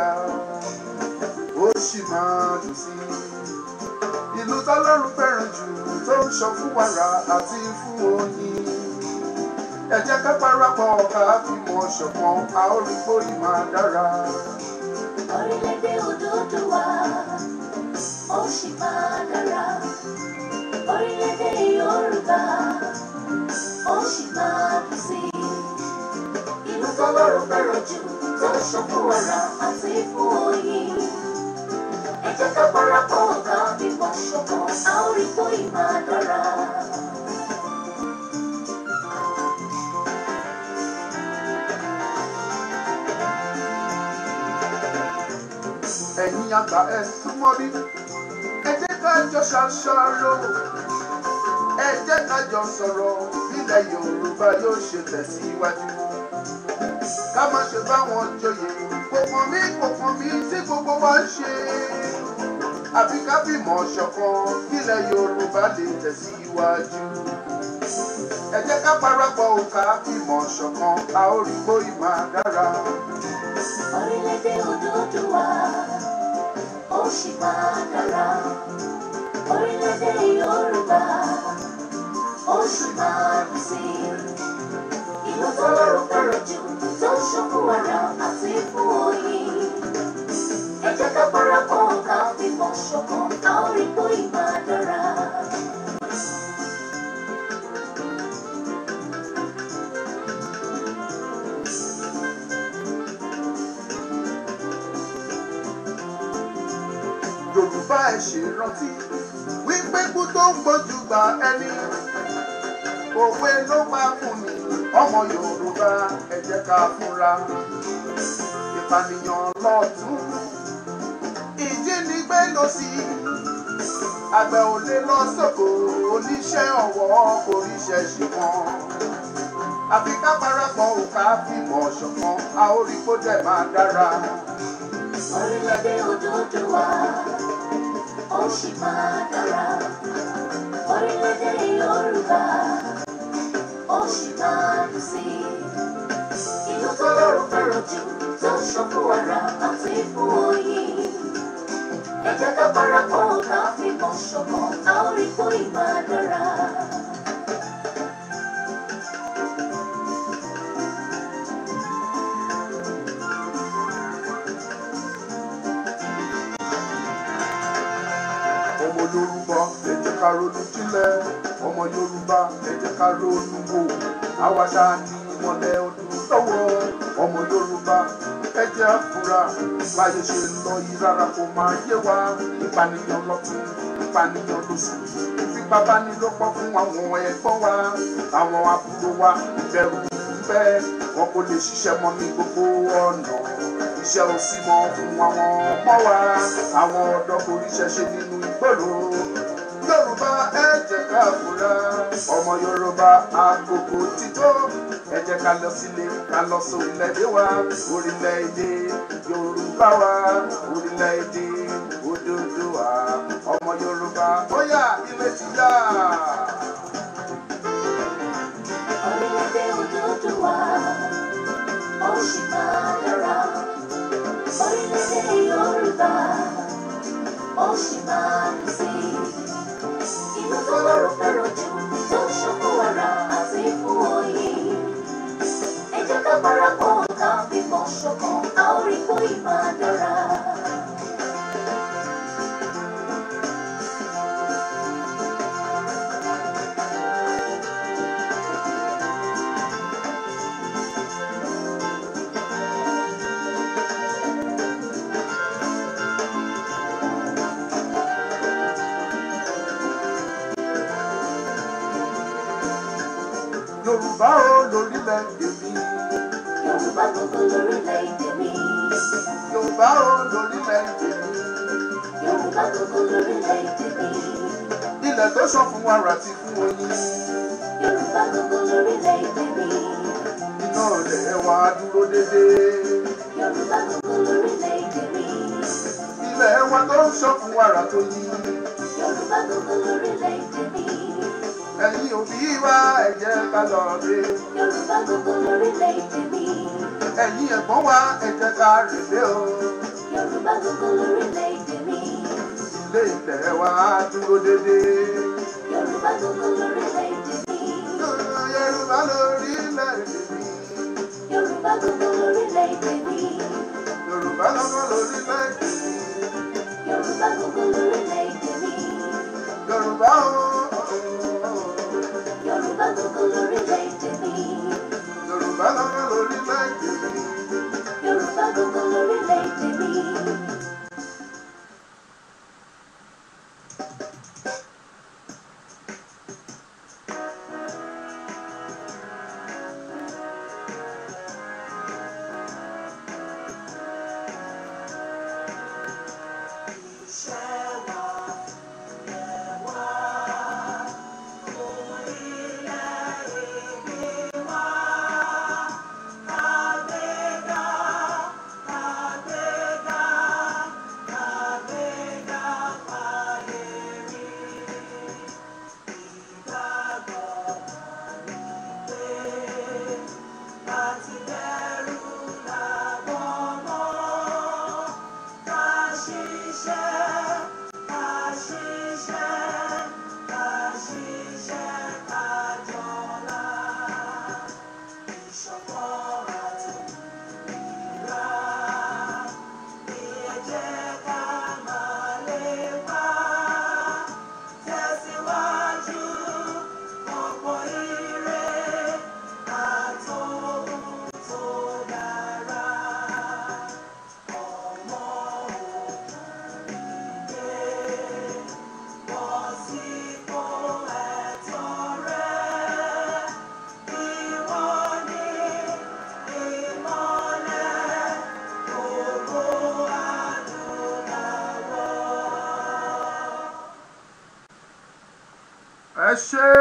ọba ó sì máa dùn sí i ìlú tọ́lọ́run fẹ́ràn jù tó ń sọ fún wàrà àti fún oyin ẹ jẹ́ ká parapọ̀ ká fi mọ̀ ṣọ̀kan a ó rí bóyí máa dára. orílẹ̀-èdè Odùduwà ó sì máa dára orílẹ̀-èdè Yorùbá ó sì máa dùn sí i ìlú tọ́lọ́run fẹ́ràn jù tó ń sọ fún wàrà sí fún oyin. Ẹ jẹ́ ká parapọ̀ a ó rí kó ìmọ̀ dára. ẹ̀yin àgbà ẹ súnmọ́ bí. ẹ jẹ́ ká jọ ṣàṣàrò ẹ jẹ́ sọ̀rọ̀ bílẹ̀ Yorùbá yóò ṣe tẹ̀síwájú ká má ṣe bá wọn kòkàn mí kòkàn mí tí gbogbo wa ń ṣe àfi ká bímọ ṣọ̀kan kílẹ̀ Yorùbá lè tẹ̀síwájú ẹ jẹ́ ká parapọ̀ òkà bímọ ṣọ̀kan a ó rí bóyí máa dára. orílẹ̀-èdè Odùduwà ó sì máa dára orílẹ̀-èdè Yorùbá ó sì máa bí sí lọ́sọ̀rọ̀ kọ̀rọ̀jù tó ń ṣokú ọ̀dà àti ikú oyin. ẹ jẹ́ ká parapọ̀ yorùbá ẹ ṣe rántí wípé kú tó ń gbójú gba ẹni òwe ló máa kùn ọmọ Yorùbá ẹ jẹ́ ká fura ìpànìyàn lọ́tún ìjínigbé lọ́sí àgbẹ̀ ò lè lọ sóko oníṣẹ́ ọwọ́ kò ríṣẹ́ ṣe wọ́n àfi ká parapọ̀ ò ká fìmọ̀ ṣọ̀kan a ó rí kó dẹ̀ máa dára. orílẹ̀-èdè Odùduwà ó sì máa dára orílẹ̀-èdè Yorùbá she dug the seed. Ìlú tọ́lọ́run fẹ́ràn jù tó ń ṣàn fún ara àti fún oyin. Ẹ jẹ́ ká parapọ̀ ká fi Ọmọ olórúkọ ẹ ká ronú jílẹ̀ ọmọ Yorùbá ẹ jẹ́ ká ronú wò àwa ṣáà ní ìmọ́lẹ̀ ọdún lọ́wọ́ ọmọ Yorùbá ẹ jẹ́ àfúrà báyé ṣe ń lọ yìí rárá kò máa yé wa ìpànìyàn lọ́tún ìpànìyàn lóṣù ìfipábánilòpọ̀ fún àwọn ẹ̀gbọ́n wa àwọn àbúrò wa ìbẹ̀rù ìfẹ́ wọn kò lè ṣiṣẹ́ mọ́ ní gbogbo ọ̀nà iṣẹ́ òsì mọ́ fún àwọn ọmọ wa àwọn ọ̀dọ́ kò ríṣẹ́ ṣe nínú ìgboro káàkúrẹ́ ọmọ yorùbá àkókò ti tó ẹ ká lọ sílé ká lọ sọ wa orílẹ̀ yorùbá wa orílẹ̀-èdè Odùduwà ọmọ yorùbá bóyá ilé ti yá. orílẹ̀-èdè Odùduwà ó ṣì orílẹ̀-èdè yorùbá ó tọ́lọ́run fẹ́ràn jù tó ń ṣokò wàrà àti fún oyin. ẹ jẹ́ ká parapọ̀ ká fífọ́ ṣọ̀kan ká orí kó ìmọ̀ Yorùbá ó lórílẹ̀-èdè mi. Yorùbá gbogbo lórílẹ̀-èdè mi. Yorùbá ó lórílẹ̀-èdè mi. Yorùbá gbogbo lórílẹ̀-èdè mi. Ilẹ̀ tó sọ fún wàrà ti fún oyin. Yorùbá gbogbo lórílẹ̀-èdè mi. Iná ọ̀lẹ̀ wa dúró dédé. Yorùbá gbogbo lórílẹ̀-èdè mi. Ilẹ̀ wa tó sọ fún wàrà tó yí. Yorùbá gbogbo lórílẹ̀-èdè mi òbí wa ẹ jẹ́ ká lọ rè. Yorùbá gbogbo lórílẹ̀-èdè mi. Ẹ̀yin ẹ̀gbọ́n wa ẹ jẹ́ ká rèlé o. Yorùbá gbogbo lórílẹ̀-èdè mi. Ilé ìtẹ̀ wa dúró dédé. Yorùbá gbogbo lórílẹ̀-èdè mi. Yorùbá lórílẹ̀-èdè mi. Yorùbá gbogbo lórílẹ̀-èdè mi. Yorùbá gbogbo lórílẹ̀-èdè èdè mi. Yorùbá o. You're a buggle, related.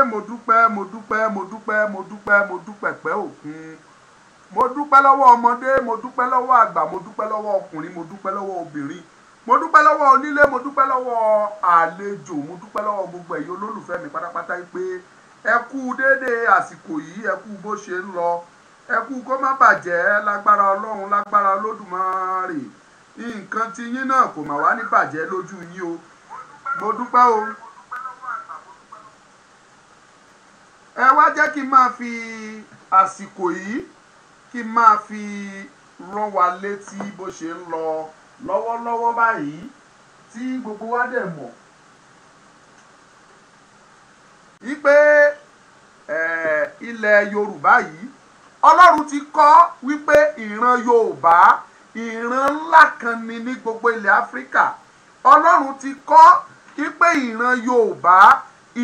mo dúpẹ́ mo dúpẹ́ mo dúpẹ́ mo dúpẹ́ mo dúpẹ́ pẹ́ òkun mo dúpẹ́ lọ́wọ́ ọmọdé mo dúpẹ́ lọ́wọ́ àgbà mo dúpẹ́ lọ́wọ́ ọkùnrin mo dúpẹ́ lọ́wọ́ obìnrin mo dúpẹ́ lọ́wọ́ onílé mo dúpẹ́ lọ́wọ́ àlejò mo dúpẹ́ lọ́wọ́ gbogbo ẹ̀yin olólùfẹ́ mi pátápátá pé ẹ kú déédéé àsìkò yìí ẹ kú bó ṣe ń lọ ẹ kú kó má bàjẹ́ lágbára ọlọ́run lágbára olódùmarè nǹkan tí yín náà kò mà wá ní bàjẹ́ lójú yín o mo dúpẹ́ o. fi àsìkò yìí kí n máa fi rán wa létí bó ṣe ń lọ lọ́wọ́lọ́wọ́ báyìí tí gbogbo wa dẹ̀ mọ̀ wípé ilẹ̀ Yorùbá yìí Ọlọ́run ti kọ́ wípé ìran Yorùbá ìran ńlá kan ni ní gbogbo ilẹ̀ Áfíríkà Ọlọ́run ti kọ́ wípé ìran Yorùbá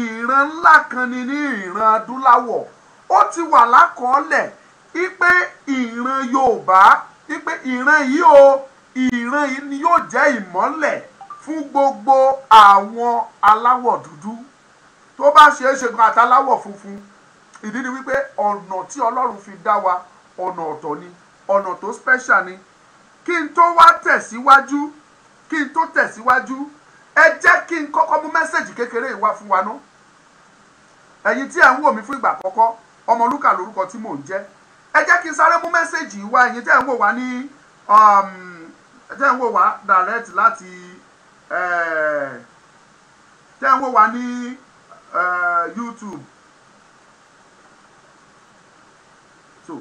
ìran ńlá kan ni ní ìran adúláwọ̀ ó ti wà lákọọ́lẹ̀ wípé ìran Yorùbá wípé ìran yìí o ìran yìí ni yóò jẹ́ ìmọ́lẹ̀ fún gbogbo àwọn aláwọ̀ dúdú tó bá ṣeé ṣe gan àtàláwọ̀ funfun ìdí ni wípé ọ̀nà tí Ọlọ́run fi dá wa ọ̀nà ọ̀tọ̀ ni ọ̀nà tó special ni kí n tó wá tẹ̀síwájú kí n tó tẹ̀síwájú ẹ jẹ́ kí n kọ́kọ́ mú mẹ́sẹ̀gì kékeré yìí wá fún wa ná ẹ̀yin tí ẹ̀ ń wò mí fún ìgbà àkọ́kọ́ ọmọlúkà lórúkọ tí mò ń jẹ́ ẹ jẹ́ kí n sáré mú mẹ́sẹ̀gì wá ẹ̀yin tẹ́ ń wò wá ní um, tẹ́ ń wò wá direct láti tẹ́ ń wò wá ní YouTube so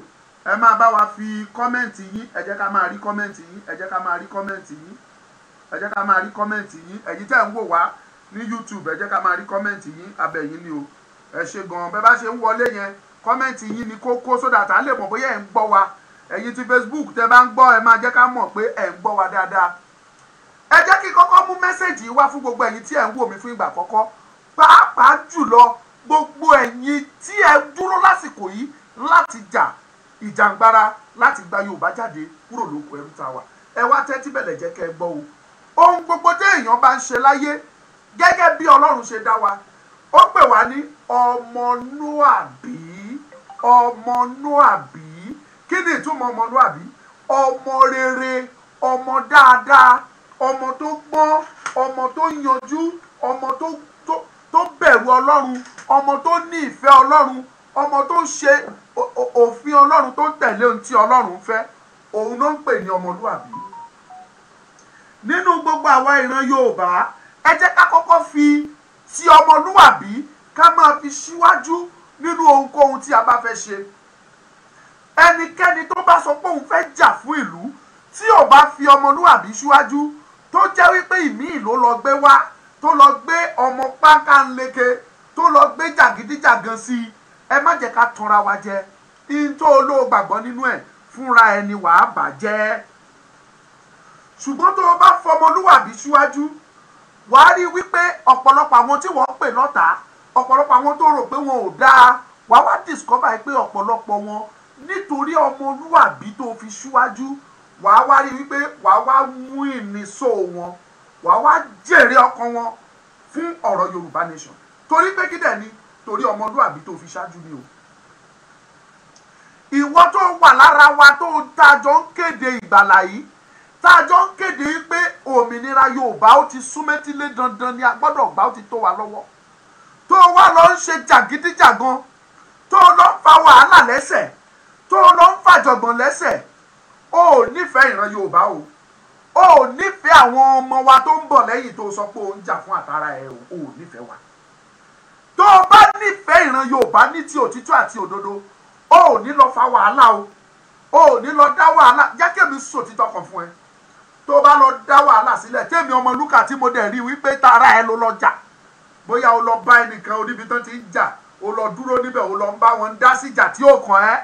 ẹ máa bá wa fi kọ́mẹ̀ntì yín ẹ jẹ́ ká máa rí kọ́mẹ̀ntì yín ẹ jẹ́ ká máa rí kọ́mẹ̀ntì yín ẹ jẹ́ ká máa rí kọ́mẹ̀ntì yín ẹ̀yin tẹ́ ń wò wá ní YouTube ẹ jẹ́ ká máa rí kọ́mẹ̀ntì yín abẹ́yìn ni o ẹ ṣe gan-an bẹ́ẹ̀ bá ṣe ń wọlé yẹn kọ́mẹ́ǹtì yín ni kókó so that a lè mọ̀ bóyá ẹ̀ ń gbọ́ wa ẹ̀yin ti Facebook tẹ́ bá ń gbọ́ ẹ máa jẹ́ ká mọ̀ pé ẹ̀ ń gbọ́ wa dáadáa ẹ jẹ́ kí kọ́kọ́ mú mẹ́sẹ̀gì wá fún gbogbo ẹ̀yin tí ẹ̀ ń wò mí fún ìgbà àkọ́kọ́ pàápàá jùlọ gbogbo ẹ̀yin tí ẹ dúró lásìkò yìí láti jà ìjàngbara láti gba Yorùbá jáde kúrò lóko ẹrú tá wà ẹ wá tẹ́tí bẹ̀lẹ̀ jẹ́ kẹ́ ẹ gbọ́ o ohun gbogbo tí èèyàn bá ń ṣe láyé gẹ́gẹ́ bí Ọlọ́run ṣe dá wa ó pè wá ní ọmọlúàbí ọmọlúàbí kí ni ìtumọ̀ ọmọlúàbí ọmọ rere ọmọ dáadáa ọmọ tó gbọ́n ọmọ tó yanjú ọmọ tó tó bẹ̀rù ọlọ́run ọmọ tó ní ìfẹ́ ọlọ́run ọmọ tó ṣe òfin ọlọ́run tó tẹ̀lé ohun tí ọlọ́run fẹ́ òun ló ń pè ní ọmọlúàbí nínú gbogbo àwa ìran yorùbá ẹ jẹ́ ká kọ́kọ́ fi ti ọmọlúwàbí ká máa fi síwájú nínú ohunkóhun tí a bá fẹ́ ṣe ẹnikẹ́ni tó bá sọ pé òun fẹ́ jà fún ìlú tí ò bá fi ọmọlúwàbí síwájú tó jẹ́ wípé ìmíì ló lọ gbé wá tó lọ gbé ọmọ pákánleke tó lọ gbé jàgídíjàgan sí i ẹ má jẹ́ ká tanra wa jẹ ihun tó olóò gbàgbọ́ nínú ẹ̀ fúnra ẹni wàá bàjẹ́ ṣùgbọ́n tó o bá fọmọlúwàbí síwájú wàá rí wípé ọ̀pọ̀lọpọ̀ àwọn tí wọ́n pè lọ́tàá ọ̀pọ̀lọpọ̀ àwọn tó rò pé wọn ò dáa wàá wá discover pé ọ̀pọ̀lọpọ̀ wọn nítorí ọmọlúwàbí tó fi ṣíwájú wàá wá rí wípé wàá wá mú ìníṣó wọn wàá wá jèrè ọkàn wọn fún ọ̀rọ̀ Yorùbá nation torí pé kí dẹ̀ ni torí ọmọlúwàbí tó fi ṣáájú ni o ìwọ tó wà lára wa tó dájọ́ ń kéde ìgbàlà yìí tájọ́ ń kéde pé òmìnira Yorùbá ó ti súnmẹ́tílé dandan ni a gbọ́dọ̀ gbà ó ti tó wa lọ́wọ́ tó wá lọ ń ṣe jàgídíjàgan tó lọ ń fa wàhálà lẹ́sẹ̀ tó lọ ń fàjọ̀gbọ̀n lẹ́sẹ̀ o ò nífẹ̀ẹ́ ìran Yorùbá o o ò nífẹ̀ẹ́ àwọn ọmọ wa tó ń bọ̀ lẹ́yìn tó sọ pé o ń jà fún àtàrà ẹ o ò nífẹ̀ẹ́ wa tó o bá nífẹ̀ẹ́ ìran Yorùbá ní ti òtítọ́ àti òdodo o ò ní lọ fa wàhálà o o ò ní lọ dá wàhálà jẹ́ kémi sòtítọ́ kan fún ẹ tó o bá lọ dá wàhálà sílẹ̀ tèmi ọmọ lúkà tí mo dẹ̀ rí wípé tara ẹ ló lọ jà bóyá o lọ bá ẹnìkan oníbi tó ti ń jà o lọ dúró níbẹ̀ o lọ ń bá wọn dá síjà tí ó kàn ẹ́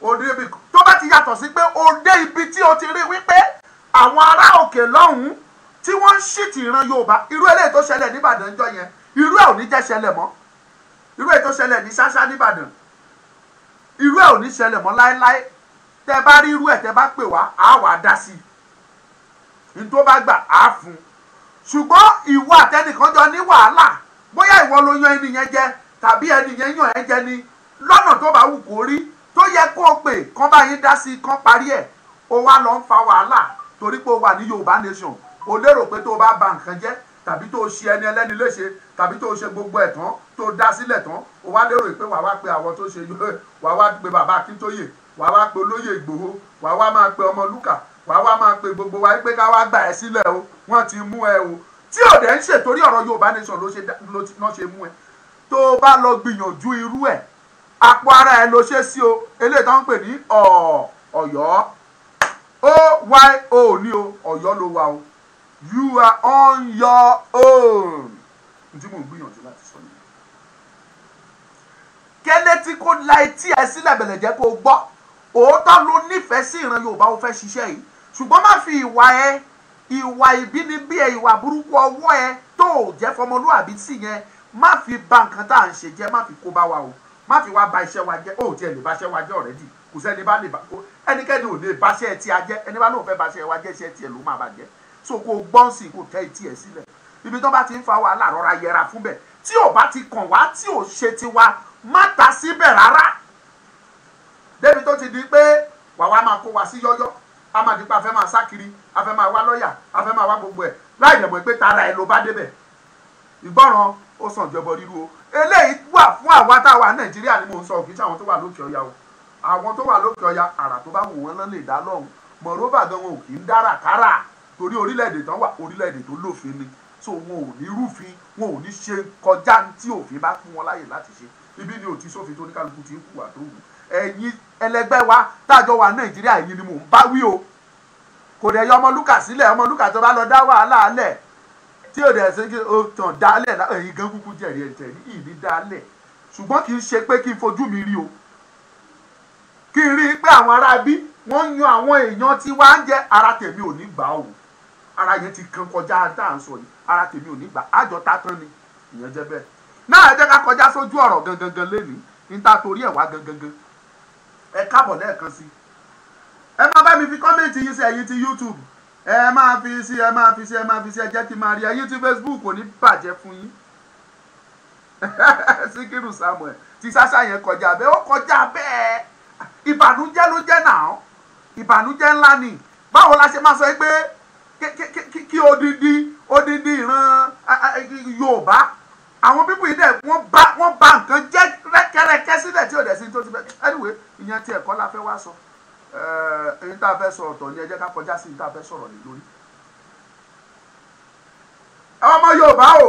oníbi tó bá ti yàtọ̀ sí pé o dé ibi tí o ti rí wípé àwọn ará òkè lọ́hùn-ún tí wọ́n ń ṣìtì ìran Yorùbá irú eléyìí tó ṣẹlẹ̀ nìbàdàn jọ yẹn irú ẹ̀ ò ní jẹ́ ṣẹlẹ̀ mọ́ irú ẹ̀ tó ṣẹlẹ̀ ní ṣáṣá nìbàdàn irú ẹ̀ ò ní ṣẹlẹ̀ mọ́ láéláé tẹ bá rí irú ẹ̀ tẹ bá pè wá àá wàá dá sí i ní tó bá gbà àá fún un ṣùgbọ́n ìwọ àtẹnìkan jọ ní wàhálà bóyá ìwọ ló yan ẹni yẹn jẹ tàbí ẹni yẹn yàn ẹ́ jẹ ni lọ́nà tó bá wù kó rí tó yẹ kó o pè kán bá dá sí kán parí ẹ̀ o wá lọ ń fa wàhálà torí pé o wà ní Yorùbá nation o lérò pé tó o bá ba nǹkan jẹ́ tàbí tó o ṣe ẹni ẹlẹ́ni léṣe tàbí tó o ṣe gbogbo ẹ̀ tán tó o dá sílẹ̀ tán o wá lérò pé wàá wá pe àwọn tó ṣe wàá wá pe bàbá Akíntóyè wàá wá pe olóyè Ìgbòho wàá wá máa pe Ọmọlúkà wàá wá máa pe gbogbo wa pé ká wá gbà ẹ sílẹ̀ o wọ́n ti mú ẹ o tí òde ń ṣètòrí ọ̀rọ̀ Yorùbá nation ló ṣe mú ẹ tó o bá lọ gbìyànjú irú ẹ̀ apò ara ẹ ló ṣe sí o eléyìí tó ń pè ní Ọ̀yọ́ oyo ni o Ọ̀yọ́ ló wà o you are on your own ntí mò ń gbìyànjú láti sọ nìyẹn kẹ́lẹ́ tí kò la etí ẹ sílẹ̀ bẹ̀lẹ̀ jẹ́ kó o gbọ́ òótọ́ ló nífẹ̀ẹ́ sí ìran Yorùbá o fẹ́ ṣiṣẹ́ yìí ṣùgbọ́n má fi ìwà ẹ ìwà ìbínibí ẹ ìwà burúkú ọwọ́ ẹ tó o jẹ́ fọmọlúwàbí sí yẹn má fi ba nǹkan tá à ń ṣe jẹ́ má fi kó bá wa o má fi wá ba iṣẹ́ wa jẹ́ ó tiẹ̀ lè ba iṣẹ́ wa jẹ́ ọ̀rẹ́dì kò sẹ́ni bá lè ba kó ẹnikẹ́ni ò lè baṣẹ́ ti a jẹ́ ẹni bá lóun fẹ́ baṣẹ́ wa jẹ́ iṣẹ́ tiẹ̀ ló máa bàjẹ́ so kó gbọ́n sí kó tẹ́ ìtì ẹ̀ sílẹ̀ ibi tó bá ti ń fa wàhálà rọra yẹra fún bẹ̀ tí ò bá ti kàn wá tí ò ṣe tiwa má ta síbẹ̀ rárá débi tó ti di pé wàá wá máa kó wa sí yọ́yọ́ a máa di pa a fẹ́ máa sá kiri a fẹ́ máa wá lọ́ọ̀yà a fẹ́ máa wá gbogbo ẹ̀ láì dẹ̀ mọ̀ pé tara ẹ̀ ló bá débẹ̀ ìgbọràn ó sàn jọbọ ríru o eléyìí wà fún àwa tá a wà nàìjíríà ni mò ń sọ òkè tí àwọn tó wà lókè ọya o àwọn tó wà lókè ọya àrà tó bá wù wọ́n lọ lè dá lọ́hùn mọ̀rọ́bà gan wọn ò kì í dára kára torí orílẹ̀-èdè tán wà orílẹ̀-èdè tó lófin ni so wọn ò ní rúfin wọn ò ní ṣe kọjá tí òfin bá fún wọn láyè láti ṣe ibi ni òtí sófin tó ní ti ń kùwà tó wù ẹ̀yin ẹlẹgbẹ́ wa táàjọ wà nàìjíríà yìí ni mò ń bá wí o kò dẹ̀ yọ ọmọlúkà sílẹ̀ tó bá lọ dá wàhálà alẹ̀ tí o dẹ̀ ṣe kí o tàn dálẹ̀ ẹ̀yin gan kúkú jẹ̀rì ẹ̀jẹ̀ ní ìní dálẹ̀ ṣùgbọ́n kì í ṣe pé kí n fojú mi rí o kí n rí i pé àwọn ará bí wọ́n yan àwọn èèyàn tí wàá ń ara tèmi ò ní gbà ara yẹn ti kan kọjá tá à ń ara tèmi ò ní gbà àjọ ta tán ni ìyẹn jẹ náà ẹ gangan ẹ káàbọ̀ lẹ́ẹ̀kan sí ẹ máa bá mi fi kọ́mẹ̀ntì yín sí ẹ̀yin ti YouTube ẹ máa fi sí ẹ máa fi sí ẹ máa fi sí ẹ jẹ́ kí n máa rí ẹ̀yin ti Facebook kò ní bàjẹ́ fún yín Síkírù Samuel ti ṣáṣá yẹn kọjá bẹ́ẹ̀ ó kọjá bẹ́ẹ̀ ìbànújẹ́ ló jẹ́ náà ìbànújẹ́ ńlá ni báwo la ṣe máa sọ pé kí odidi odidi ìran Yorùbá àwọn pípù yìí dẹ̀ wọ́n bá wọ́n bá nǹkan jẹ́ rẹ́kẹ́rẹ́kẹ́ sílẹ̀ tí ò dẹ̀ sí tó ti bẹ̀ anyway ìyẹn ti ẹ̀kọ́ la fẹ́ wá sọ ẹ̀yin tá a fẹ́ sọ ọ̀tọ̀ ni ẹ ká kọjá sí tá a fẹ́ sọ̀rọ̀ lé lórí. ọmọ Yorùbá o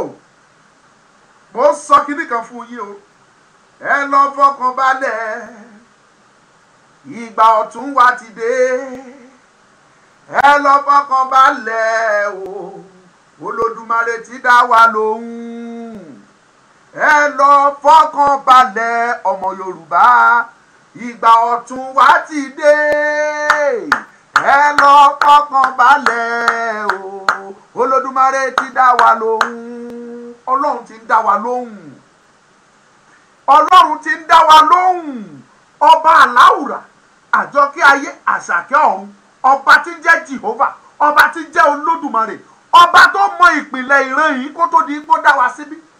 mo sọ kinní kan fún yín o ẹ lọ fọkàn balẹ̀ ìgbà ọ̀tún wa ti dé ẹ lọ fọkàn balẹ̀ o Olódùmarè ti dá wa lóhùn ẹ lọ fọkàn balẹ̀ ọmọ yorùbá ìgbà ọ̀tun wa ti dé ẹ lọ fọkàn balẹ̀ o olódùmarè ti dá wa lóhùn ọlọ́run ti ń dá wa lóhùn ọlọ́run ti dá wa lóhùn ọba aláwùrà àjọkẹ́ ayé àṣàkẹ́ ọ̀run ọba tí jẹ́ jehovah ọba tí ń jẹ́ olódùmarè ọba tó mọ ìpìlẹ̀ ìran yìí kó tó di kó dá wa síbí. Si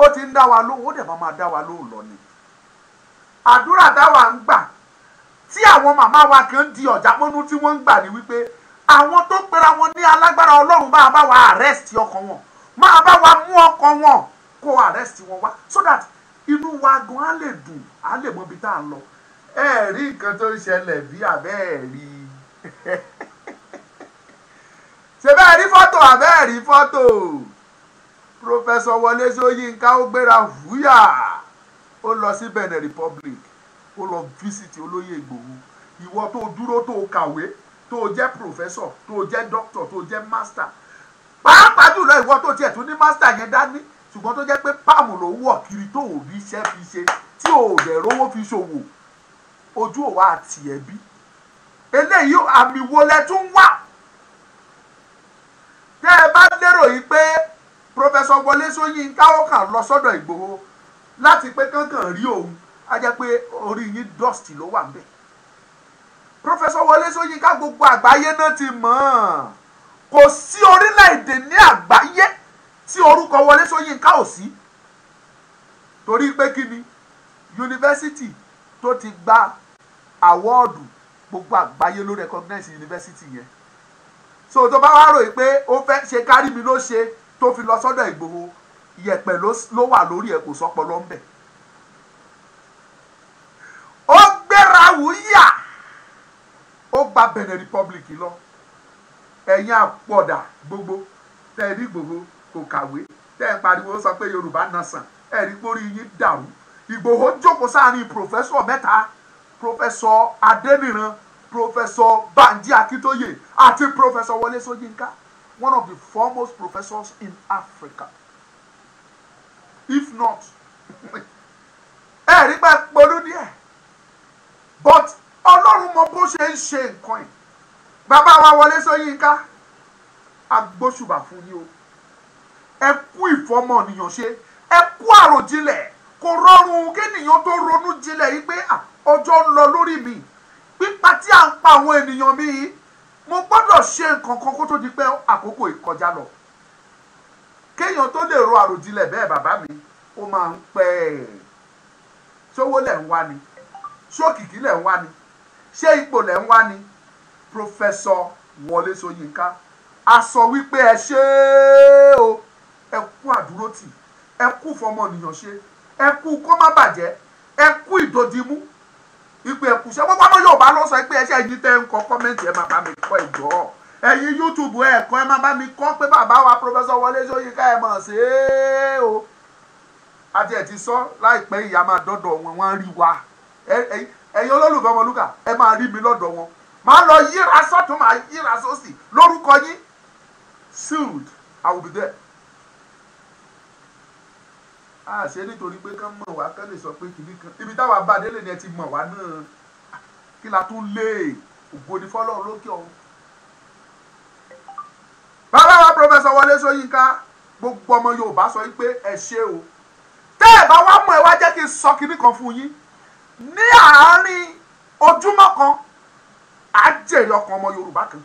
ó ti ń dá wa lóhùn ó dẹ̀ máa máa dá wa lóhùn lọ ni àdúrà táwa ń gbà tí àwọn màmá wa kan di ọ̀já pọ́nú tí wọ́n ń gbà ní wípé àwọn tó pera wọn ní alágbára ọlọ́run máa bá wa arrest ọkàn wọn máa bá wa mú ọkàn wọn kó arrest wọn wá so that inú wa gan á lè dùn á lè mọ ibi tá a lọ ẹ rí nǹkan tó ń ṣẹlẹ̀ bí àbẹ́ ṣe bẹ́ẹ̀ rí fọ́tò àbẹ́ fọ́tò. Professor wọlé ṣóyínká ó gbéra wúyà ó lọ sí benin republic ó lọ físìtì olóyè ìgbòho ìwọ tó dúró tó kàwé tó jẹ́ pòfẹ́sọ̀ tó jẹ́ dókítọ̀ tó jẹ́ mástà pàápàá jùlọ ìwọ tó tiẹ̀ tún ní mástà yẹn dání ṣùgbọ́n tó jẹ́ pé páàmù ló wọ̀ kiri tó ò rí iṣẹ́ fi ṣe tí ò dẹ̀ rówó fi ṣòwò ojú òwa àti ẹ̀bí eléyìí àmì wo tún wà tẹ́ ẹ bá lérò yìí pé pọfẹsọ wọlé ṣóyínká ó kàn lọ sọ́dọ̀ ìgbòho láti pé kankan rí òun á jẹ́ pé orí yín dust ló wà ń bẹ̀ pọfẹsọ wọlé ṣóyínká gbogbo àgbáyé náà ti mọ̀ ọ́n kò sí orílẹ̀-èdè ní àgbáyé tí orúkọ wọlé ṣóyínká ò sí torí pé kí ni yunifásitì tó ti gba àwọ́ọ̀dù gbogbo àgbáyé ló recognize yunifásitì yẹn so tó bá wá ròyìn pé ó fẹ́ ṣe kárí mi ló ṣe tó fi lọ sọ́dọ̀ Ìgbòho yẹ̀pẹ̀ ló wà lórí ẹ̀ kò sọ́pọ̀ lọ́nbẹ̀ ó gbéra wúyà ó gba Benin Republic lọ ẹ̀yin àpọ̀dà gbogbo tẹ́ ẹ rí gbogbo kò kàwé tẹ́ ẹ pariwo sọ pé Yorùbá nation ẹ rí pórí yín dàrú Ìgbòho jókòó sáàrin pòfẹ́sọ̀ mẹ́ta professor Adéníran pòfẹ́sọ̀ Banji Akíntóyè àti pòfẹ́sọ̀ Wọlé Ṣóyínká. So one of the foremost professors in Africa if not ẹ rí pé polú díẹ̀ but ọlọ́run mọ bó ṣe ń ṣe nǹkan yìí bàbá wa wọlé Ṣóyínká agbóṣùbà fún yín o ẹ kú ìfọmọnìyàn ṣe ẹ kú àròjinlẹ̀ kò rọrùn kéèyàn tó ronú jinlẹ̀ yìí pé ọjọ́ ń lọ lórí mi pípa tí à ń pa àwọn ènìyàn mi yìí mo gbọ́dọ̀ ṣe nǹkan kan kó tó di pé àkókò ìkọjá lọ kéèyàn tó lè ro àròjinlẹ̀ bẹ́ẹ̀ bàbá mi ó máa ń pẹ́ ẹ̀ ṣówó lẹ̀ ń wá ni ṣókìkí lẹ̀ ń wá ni ṣé ipò lẹ̀ ń wá ni pòfẹ́sọ Wọlé Ṣóyínká a sọ wípé ẹ ṣe o ẹ kú àdúrótì ẹ kú fọmọnìyàn ṣe ẹ kú kó má bàjẹ́ ẹ kú ìdodimú ìpè ẹ̀kúṣẹ́ gbogbo ọmọ Yorùbá ló sọ pé ẹṣẹ́ yìí tẹ́ ń kọ kọ́mẹ́ǹtì ẹ máa bá mi kọ́ ìjọ ẹ̀yin YouTube ẹ̀kan ẹ máa bá mi kọ́ pé bàbá wa pọfẹ́sọ Wọlé Ṣóyínká ẹ mọ̀ sí o àti ẹ̀ ti sọ láìpẹ́ ìyá máa dọ́dọ̀ wọn wọ́n rí wa ẹ̀yin olólùfẹ́ Ọmọlúkà ẹ máa rí mi lọ́dọ̀ wọn máa lọ yíra sọ́tún máa yíra sósì lórúkọ yín sealed I will be there a ṣe nítorí pé kán mọ̀ wá kán lè sọ pé kìnnì kan ibi táwa bá délé ni ẹ ti mọ̀ wá náà kí la tún lé ògo ni fọlọ́run lókè ọ̀hún. bàbá wa pọfẹsọ Wọlé Ṣóyínká gbogbo ọmọ Yorùbá sọ pé ẹ ṣe o tẹ́ ẹ bá wá mọ̀ ẹ wá jẹ́ kí n sọ kìnnì kan fún yín ní àárín ojúmọ́ kan àjèrè ọkàn ọmọ Yorùbá kan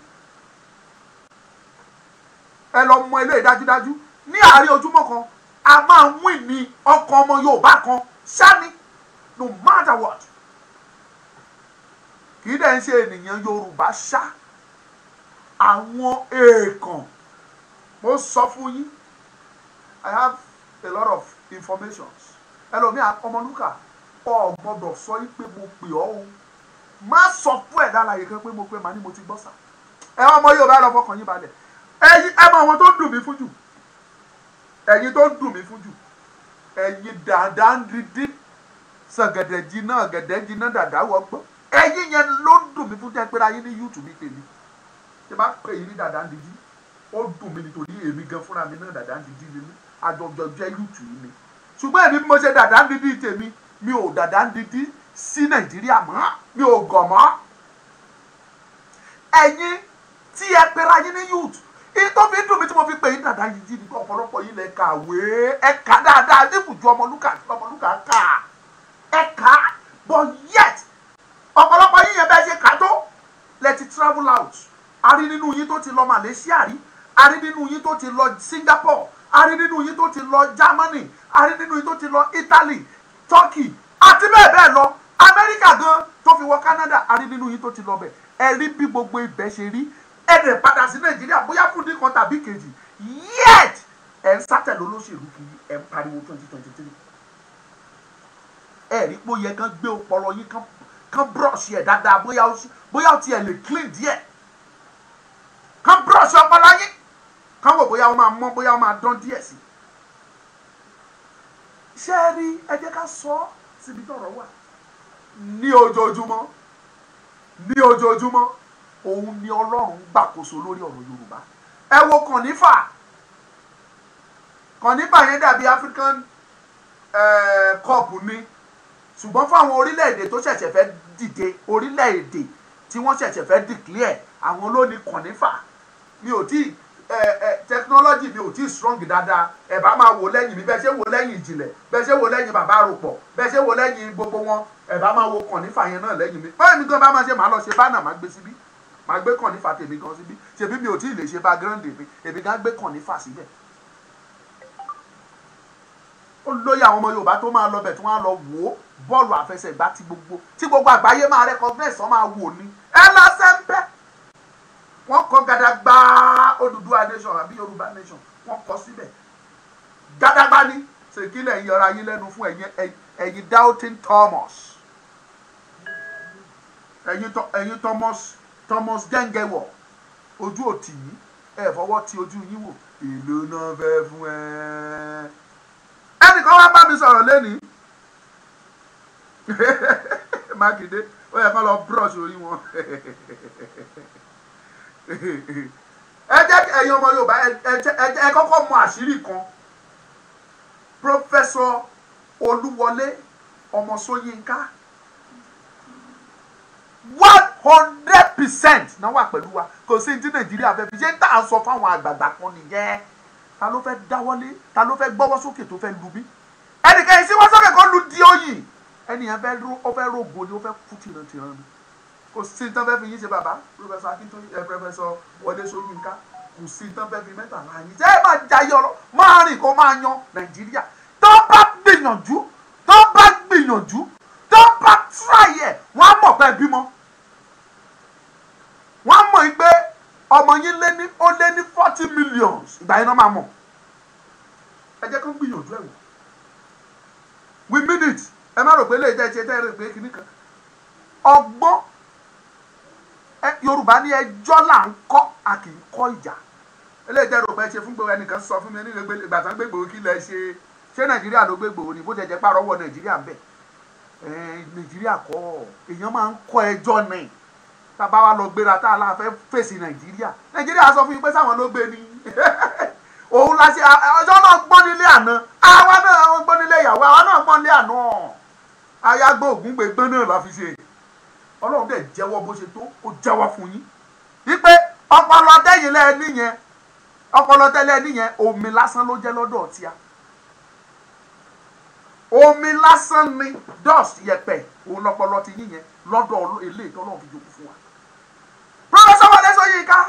ẹ lọ mọ̀ eléyìí dájúdájú ní àárín ojúmọ́ kan a máa ń wìn ní ọkọ ọmọ Yorùbá kan sani no matter what kì í dẹ̀ ń ṣe ènìyàn Yorùbá ṣá àwọn èèkàn mo sọ fún yín I have a lot of informations ẹlòmíà Ọmọlúkà ọ gbọ́dọ̀ sọ yí pé mo pè ọ́ o má sọ fún ẹ̀dá àlàyé kan pé mo pé màá ní mo ti gbọ́ sà ẹ ọmọ Yorùbá lọ fọkàn yín balẹ̀ ẹ mọ àwọn tó dùn mí fún jù ẹ̀yin tó ń dùn mí fún jù ẹ̀yin dàda ń dídí sàgẹ̀dẹ̀ jiná gẹ̀dẹ̀ jiná dàda wọ́gbọ́n ẹ̀yin yẹn ló ń dùn mí fún jẹ́ pẹ́ra yín ní YouTube tèmi tí bá pè yín ní dàda ń dídí ó dùn mí nítorí èmi gan fúnra mi náà dàda ń dídí ni mí àjọjọ jẹ́ YouTube mi ṣùgbọ́n èmi bí mo ṣe dàda ń dídí tèmi mi ò dàda ń dídí sí Nàìjíríà mọ́ mi ò gọ̀ mọ́ ẹ̀yin tí ẹ pẹ́ra yín ní YouTube ìtọ́ fi dùn mí tí mo fi pè é dàda yìí jí ni pé ọ̀pọ̀lọpọ̀ yìí lè kàwé ẹ kà dáadáa níbùdó ọmọlúkà ọmọlúkà kà ẹ kà but yet ọ̀pọ̀lọpọ̀ yìí yẹn bẹ́ẹ̀ ṣe kà tó lẹ ti travel out a rí nínú yín tó ti lọ Malaysia rí a rí nínú yín tó ti lọ Singapore a rí nínú yín tó ti lọ Germany a rí nínú yín tó ti lọ Italy Turkey àti bẹ́ẹ̀ bẹ́ẹ̀ lọ Amẹ́ríkà gan tó fi wọ Canada a rí nínú yín tó ti lọ bẹ̀ ẹ rí bí gbogbo ibẹ̀ ṣe rí ẹ̀rẹ̀ padà sí nàìjíríà bóyá fún ní kan tàbí kejì yet ẹ̀ ń sátẹ̀ lólóṣèlú kiri ẹ̀ ń pariwo twenty twenty three ẹ̀ rí pé ó yẹ kán gbé ọpọlọ yín kán brush yẹ dáadáa bóyá bóyá ó tiẹ̀ lè clean díẹ̀ kán brush ọpọlọ yín kán wò bóyá ó máa mọ́ bóyá ó máa dán díẹ̀ sí ṣé ẹ rí ẹ jẹ́ ká sọ ọ́ síbi tọ̀rọ̀ wà ní ojoojúmọ́ ní ojoojúmọ́ òun ni ọlọ́run gbàkóso lórí ọ̀rọ̀ yorùbá ẹ wo kànífà kànífà yẹn dàbí african eh, cup ni ṣùgbọ́n fáwọn orílẹ̀-èdè tó ṣẹ̀ṣẹ̀ fẹ́ dìde orílẹ̀-èdè tí wọ́n ṣẹ̀ṣẹ̀ fẹ́ declare àwọn ló ní kànífà mi ò tí technology mi ò tí strong dáadáa ẹ bá máa wò lẹ́yìn mi bẹ́ẹ̀ ṣe wò lẹ́yìn ìjìnlẹ̀ bẹ́ẹ̀ ṣe wò lẹ́yìn bàbá àròpọ̀ bẹ́ẹ̀ ṣe wò lẹ́yìn gbogbo wọn ẹ bá máa wo kànífà yẹn náà lẹ́yìn mi báyìí mi gan bá máa ṣe màá lọ ṣe bánà máa gbé síbí màá gbé kàn nífà tèmi gan síbí tèmi mi ò tí ì lè ṣe background mi èmi gan gbé kàn nífà síbẹ̀. ó lóye àwọn ọmọ Yorùbá tó máa lọ bẹ̀ tí wọ́n á lọ wò ó bọ́ọ̀lù àfẹsẹ̀gbá tí gbogbo tí gbogbo àgbáyé máa recognize ọ́ máa wò ni ẹ lọ sẹ́ńpẹ́ wọ́n kọ́ gàdàgbà Odùduwà nation àbí Yorùbá nation wọ́n kọ́ síbẹ̀ gàdàgbà ni ṣèkílẹ̀ yọra yín lẹ́nu fún ẹ̀yin doubting Thomas ẹ̀yin Thomas Thomas Gengewo ojú òtì yìí ẹ fọwọ́ ti ojú yín wò èlò náà fẹ́ fún ẹ. ẹnìkan wá bá mi sọ̀rọ̀ lẹ́nìí Mákindé ó yẹ kó lọ brush orí wọn ẹ jẹ́ ẹ̀yin ọmọ Yorùbá ẹ kọ́kọ́ mọ àṣírí kan Prọfẹsọ Olúwọlé ọmọ Ṣóyínká wá hundred percent na wà pẹ̀lú wa kò sí ti nàìjíríà fẹ́ fi ṣe ń tà sọ fáwọn àgbààgbà kan nìyẹn ta ló fẹ́ dáwọ́lé ta ló fẹ́ gbọ́wọ́ sókè tó fẹ́ lu bí ẹnìkan ìsíwọ́ sókè kan lu di oyì ẹnìyàn fẹ́ ró ó fẹ́ rògbò ni ó fẹ́ kú tìrantìran ni kò sí tán fẹ́ fi yín ṣe bàbá pírọfẹsọ akíntóyè ẹ eh, pírọfẹsọ wọlé ṣóyínká kò sí tán fẹ́ fi mẹ́tàlá yín ṣé ẹ máa jayé ọ̀rọ̀ máa rìn kó máa yan nàìjíríà tó bá gbìyànjú tó bá gbìyànjú tó bá tíráyẹ̀ wọ́n á mọ̀ pé bímọ wọ́n mọ̀ pé ọmọ yín lé ní ó lé ní forty millions ìgbà yẹn náà máa mọ̀ ẹ jẹ́ kó gbìyànjú ẹ̀ wò we mean it ẹ má rò pé lè jẹ́ ẹ ti ẹ rò pé kìíní kan ọgbọ́n yorùbá ní ẹjọ́ là ń kọ́ a kì í kọ́ ìjà eléyìí tẹ́ rò pé ṣe fún gbogbo ẹnìkan sọ fún mi ní ìgbà tán gbégbò kí lẹ ṣe ṣé nàìjíríà ló gbégbò ni bó jẹjẹ pàrọwọ nàìjíríà ń bẹ nàìjíríà kọ́ èèyàn máa ń kọ́ ẹjọ́ ni tàbá wa lọ gbéra tá a la fẹ́ fèsì nàìjíríà nàìjíríà sọ fún yín pé sáwọn ló gbé ni òun la ṣe ọjọ́ náà gbọ́n nílé àná àwa náà gbọ́n nílé ìyàwó àwa náà gbọ́n nílé àná ayágbó ògúngbè gbọ́n náà la fi ṣe ọlọ́run dẹ̀ jẹ́wọ́ bó ṣe tó ó jẹ́wọ́ fún yín wípé ọpọlọ tẹ́yìn lẹ́ẹ̀ni yẹn ọpọlọ tẹ́lẹ̀ nìyẹn omi lásán ló jẹ́ lọ́dọ̀ tíá omi lásán ni dust yẹpẹ̀ òun lọpọlọ ti yín yẹn lọ́dọ̀ ilé ìtọ́lọ́run fi jòkó fún wa Professor Wọlé Ṣóyínká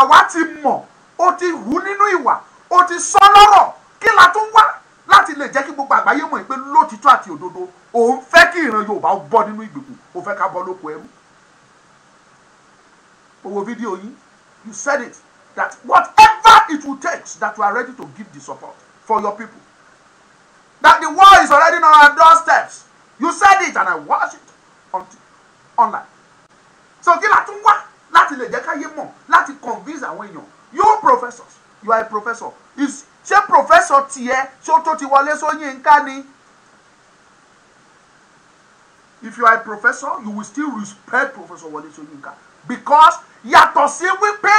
àwa ti mọ̀ ó ti hù nínú ìwà ó ti sọ lọ́rọ̀ kí la tún wá láti lè jẹ́ kí gbogbo àgbáyé mọ̀ pé lótìtọ́ àti òdodo òun fẹ́ kí ìran Yorùbá bọ́ nínú ìgbèkùn ó fẹ́ ká bọ́ lóko ẹrú. owó fídíò yín you said it that whatever it will take that you are ready to give the support for your people that the war is already on our doorsteps you said it and I watched it on online so kí la tún wá láti lè jẹ́ káyé mọ̀ láti convince àwọn èèyàn you professors you are a professor is ṣé professor tiẹ̀ ṣó tó ti wọlé Ṣóyínká ni if you are a professor you will still respect professor wọlé Ṣóyínká because yàtọ̀ sí wípé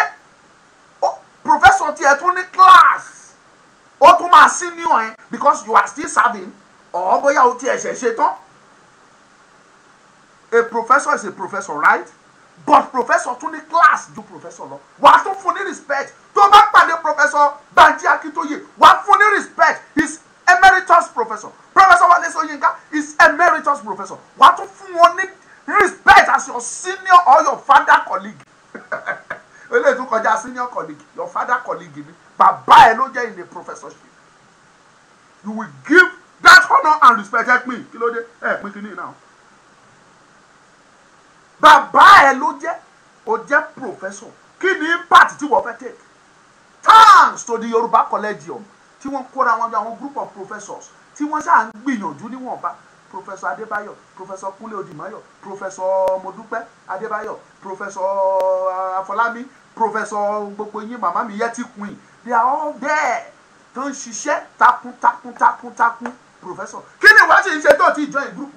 professor tiẹ̀ tún ní class ó tún máa senior ẹ because you are still serving or bóyá o tiẹ̀ ṣẹ̀ṣẹ̀ tán a professor is a professor right but professor tún ní class ju professor lọ wàá tún fún ní respect tó bá pàdé professor Banji Akintoye wàá fún ní respect his emeritus professor professor Wale Soyinka his emeritus professor wàá tún fún wọn ní respect as your senior or your father colleague eléyìí tún kọjá senior colleague your father colleague ni bàbá ẹ ló jẹ́ in a professorship you will give that honour and respect ẹ pín kí ló dé ẹ pín kí ni náà bàbá ẹ ló jẹ́ ó jẹ́ professor kí ni impact tí wọ́n fẹ́ take thanks to the Yorùbá Collegium tí wọ́n kóra wọn bí àwọn group of professors tí wọ́n ṣáà ń gbìyànjú níwọ̀nba professor Adébáyọ̀ professor Kúnlé Odìmáyọ̀ professor Modúpẹ́ Adébáyọ̀ professor uh, Afọlámi professor gbogbo yín màmá mi Yẹtí Queen they are all there tó ń ṣiṣẹ́ takuntakuntakuntakun professor kí ni wọ́n ṣe ń ṣe tó ti join group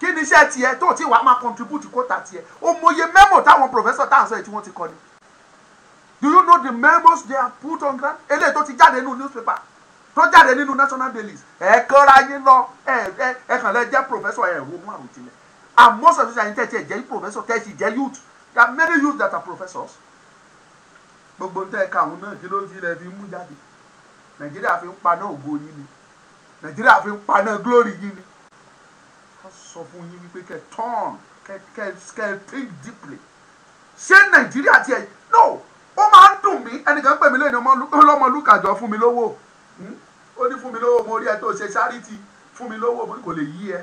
kí ni iṣẹ́ tiẹ̀ tó ti wàá máa contribute kóta tiẹ̀ o mọye memo táwọn professor tá à ń sọ yìí tí wọ́n ti kọ ni do you know the memos they have put on ground eléyìí tó ti jáde nínú newspaper tó jáde nínú national dailies ẹ kọ́ra yín lọ ẹ ẹ ẹ kàn lẹ jẹ́ professor ẹ ronú àròjinlẹ̀ and most of the time tẹ̀sí ẹ jẹ́ professor tẹ̀sí jẹ́ youth there are many youth that are professors gbogbo tẹ́ ẹ ka àwọn náà kí ló fi lẹ́ fi mú jáde nàìjíríà fi ń paná ògo yín ni nàìjíríà fi ń paná glory yín ni ká sọ fún yín wípé kẹ tán kẹ kẹ think deeply ṣé nàìjíríà tiẹ̀ no ó máa ń dùn mí ẹnìkan pè mí lẹ́yìn ọlọ́mọ lùkàjọ fún mi lówó hmm? ó ní fún mi lówó mo rí ẹ tó ṣe ṣáríìtì fún mi lówó mo ní kò lè yí ẹ